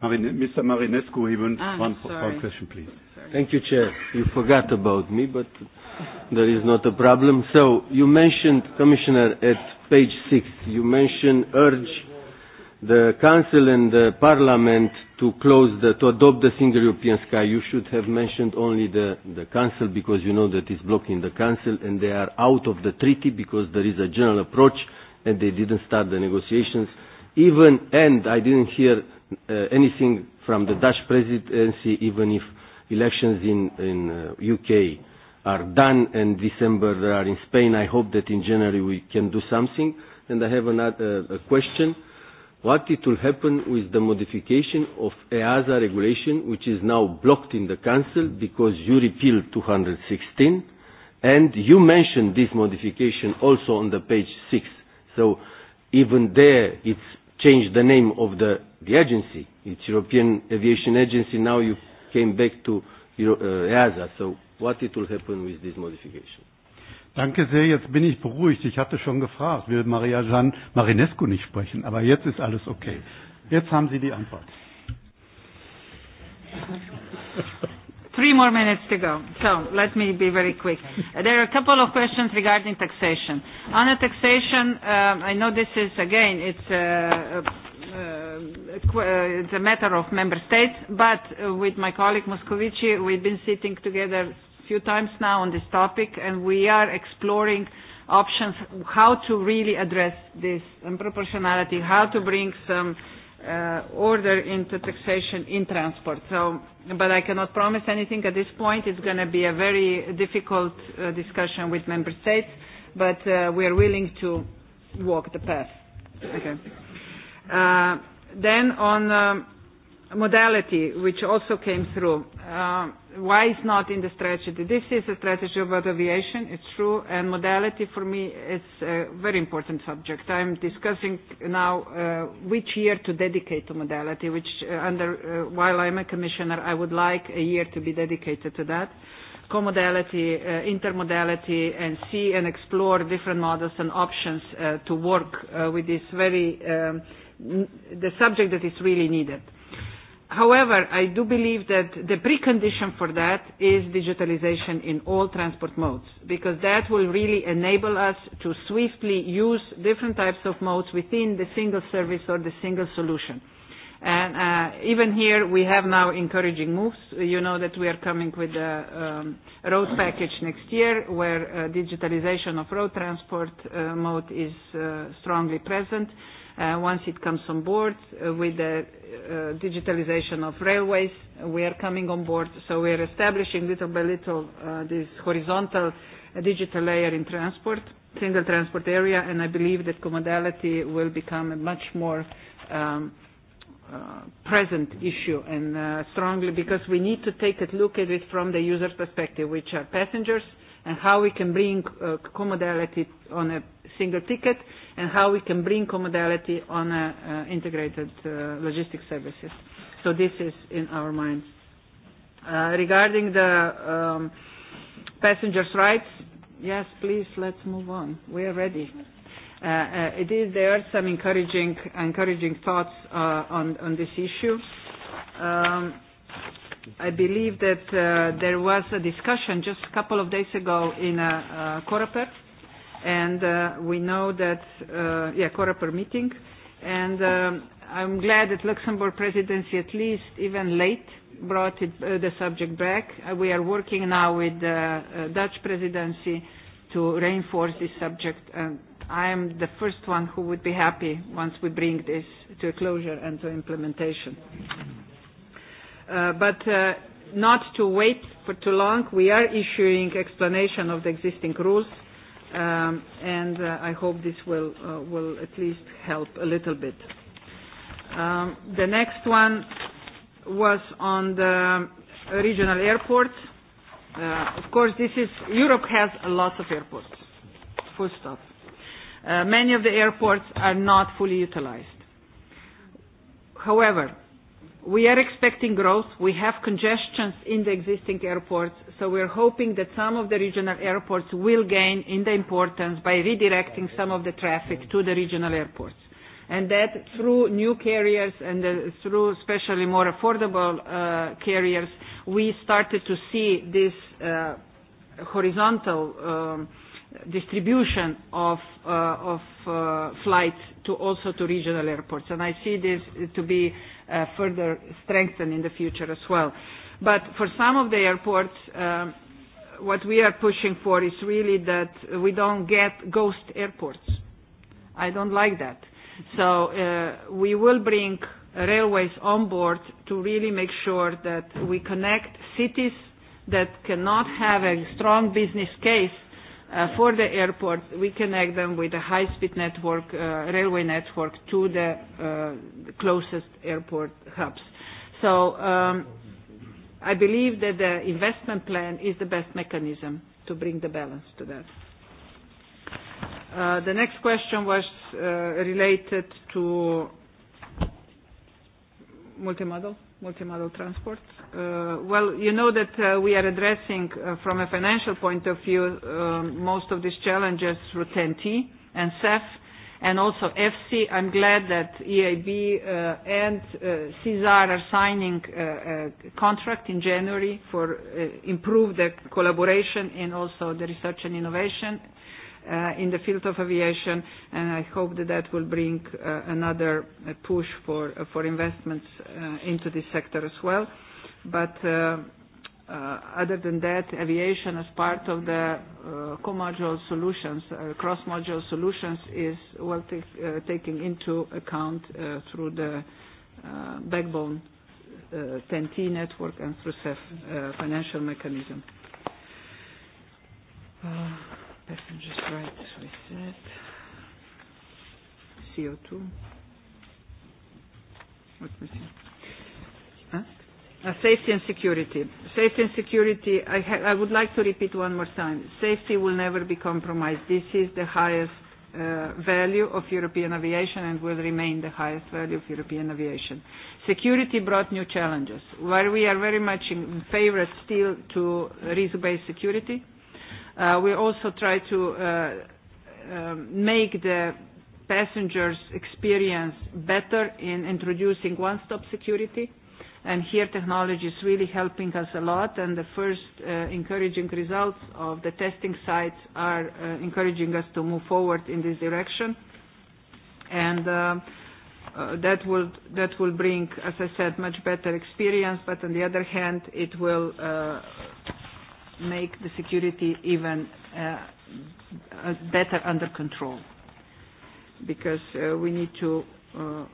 Marine, Mr. Marinescu even ah, one, sorry. one question, please. Sorry. Thank you, Chair. You forgot about me, but there is not a problem. So you mentioned, Commissioner, at page six, you mentioned urge the Council and the Parliament to close the, to adopt the single European sky, you should have mentioned only the, the Council because you know that it's blocking the Council and they are out of the treaty because there is a general approach and they didn't start the negotiations. Even, and I didn't hear uh, anything from the Dutch presidency, even if elections in, in uh, UK are done and December they are in Spain, I hope that in January we can do something. And I have another uh, a question what it will happen with the modification of EASA regulation, which is now blocked in the Council because you repealed 216, and you mentioned this modification also on the page 6. So even there, it's changed the name of the, the agency. It's European Aviation Agency. Now you came back to Euro, uh, EASA. So what it will happen with this modification? Danke sehr, jetzt bin ich beruhigt. Ich hatte schon gefragt, will Maria Jan Marinescu nicht sprechen, aber jetzt ist alles okay. Jetzt haben Sie die Antwort. Three more minutes to go. So let me be very quick. There are a couple of questions regarding taxation. On the taxation, um, I know this is again, it's uh, uh, a, a, a, uh, it's a matter of member states, but uh, with my colleague Moscovici, we've been sitting together few times now on this topic, and we are exploring options how to really address this unproportionality, proportionality, how to bring some uh, order into taxation in transport. So, but I cannot promise anything at this point. It's going to be a very difficult uh, discussion with member states, but uh, we are willing to walk the path. Okay. Uh, then on um, modality which also came through. Uh, why is not in the strategy? This is a strategy about aviation, it's true, and modality for me is a very important subject. I'm discussing now uh, which year to dedicate to modality, which uh, under, uh, while I'm a commissioner, I would like a year to be dedicated to that. Comodality, uh, intermodality, and see and explore different models and options uh, to work uh, with this very, um, the subject that is really needed. However, I do believe that the precondition for that is digitalization in all transport modes, because that will really enable us to swiftly use different types of modes within the single service or the single solution. And uh, even here, we have now encouraging moves. You know that we are coming with a um, road package next year, where uh, digitalization of road transport uh, mode is uh, strongly present. Uh, Uh, once it comes on board uh, with the uh, digitalization of railways, we are coming on board. So we are establishing little by little uh, this horizontal uh, digital layer in transport, single transport area, and I believe that commodality will become a much more um, uh, present issue and uh, strongly because we need to take a look at it from the user's perspective, which are passengers, and how we can bring uh, on a single ticket and how we can bring commodality on uh, uh, integrated uh, logistics services. So this is in our minds. Uh, regarding the um, passengers' rights, yes, please, let's move on. We are ready. Uh, uh, it is, there are some encouraging, encouraging thoughts uh, on, on this issue. Um, I believe that uh, there was a discussion just a couple of days ago in a, a Coreper and uh, we know that, uh, yeah, Coreper meeting, and um, I'm glad that Luxembourg presidency at least, even late, brought it, uh, the subject back. Uh, we are working now with the uh, Dutch presidency to reinforce this subject, and I am the first one who would be happy once we bring this to a closure and to implementation. Uh, but uh, not to wait for too long, we are issuing explanation of the existing rules um, and uh, I hope this will uh, will at least help a little bit. Um, the next one was on the regional airports. Uh, of course, this is Europe has a lot of airports. Full stop. Uh, many of the airports are not fully utilized. However, We are expecting growth. We have congestions in the existing airports, so we're hoping that some of the regional airports will gain in the importance by redirecting some of the traffic to the regional airports. And that through new carriers and uh, through especially more affordable uh, carriers, we started to see this uh, horizontal um, distribution of, uh, of uh, flights to also to regional airports. And I see this to be uh, further strengthened in the future as well. But for some of the airports, um, what we are pushing for is really that we don't get ghost airports. I don't like that. So uh, we will bring railways on board to really make sure that we connect cities that cannot have a strong business case Uh, for the airports, we connect them with a high-speed network, uh, railway network to the, uh, the closest airport hubs. So um, I believe that the investment plan is the best mechanism to bring the balance to that. Uh, the next question was uh, related to multimodal multimodal transport. Uh, well, you know that uh, we are addressing uh, from a financial point of view um, most of these challenges through TEN-T and CEF and also EFSI. I'm glad that EIB uh, and uh, CESAR are signing uh, a contract in January for uh, the collaboration in also the research and innovation uh, in the field of aviation, and I hope that that will bring uh, another uh, push for, uh, for investments uh, into this sector as well. But uh, uh, other than that, aviation as part of the uh, co-module solutions, uh, cross-module solutions is well uh, taken into account uh, through the uh, backbone uh, TEN-T network and through CEF uh, financial mechanism. Uh, I can just write CO2. What was it? Uh, safety and security. Safety and security, I, ha- I would like to repeat one more time. Safety will never be compromised. This is the highest uh, value of European aviation and will remain the highest value of European aviation. Security brought new challenges. While we are very much in, in favor still to risk-based security, Uh, we also try to uh, uh, make the passengers' experience better in introducing one-stop security. And here technology is really helping us a lot, and the first uh, encouraging results of the testing sites are uh, encouraging us to move forward in this direction. And uh, uh, that, will, that will bring, as I said, much better experience, but on the other hand, it will uh, make the security even uh, uh, better under control because uh, we need to uh,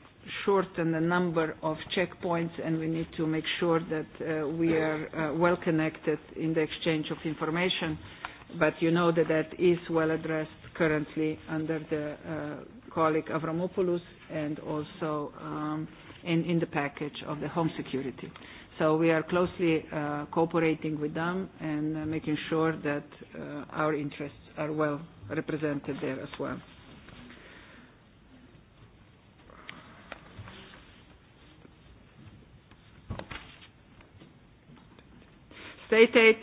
shorten the number of checkpoints and we need to make sure that uh, we are uh, well connected in the exchange of information but you know that that is well addressed currently under the uh, colleague Avramopoulos and also um, in, in the package of the home security. So we are closely uh, cooperating with them and uh, making sure that uh, our interests are well represented there as well. State aid,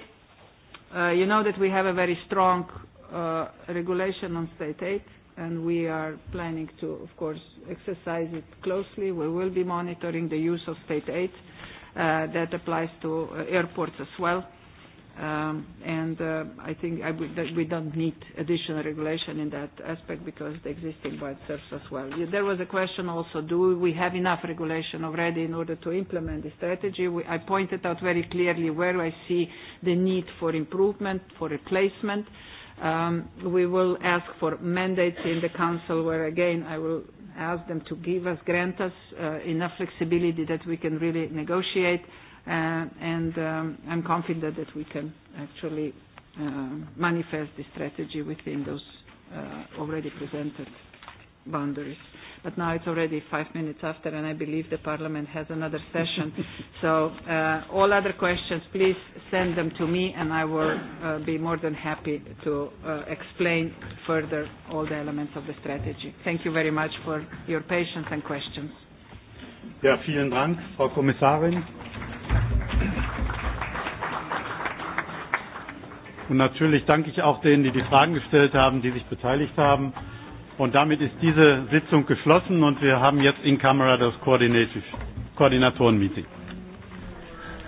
uh, you know that we have a very strong uh, regulation on state aid and we are planning to, of course, exercise it closely. We will be monitoring the use of state aid. Uh, that applies to uh, airports as well. Um, and uh, I think I would, that we don't need additional regulation in that aspect because the existing one serves as well. There was a question also, do we have enough regulation already in order to implement the strategy? We, I pointed out very clearly where I see the need for improvement, for replacement. Um, we will ask for mandates in the council where again I will ask them to give us, grant us uh, enough flexibility that we can really negotiate. Uh, and um, I'm confident that we can actually uh, manifest the strategy within those uh, already presented boundaries but now it's already five minutes after, and I believe the Parliament has another session. (laughs) so uh, all other questions, please send them to me, and I will uh, be more than happy to uh, explain further all the elements of the strategy. Thank you very much for your patience and questions. Ja, vielen Dank, Frau Kommissarin. Und natürlich danke ich auch denen, die die Fragen gestellt haben, die sich beteiligt haben. Und damit ist diese Sitzung geschlossen und wir haben jetzt in Kamera das Koordinatoren-Meeting.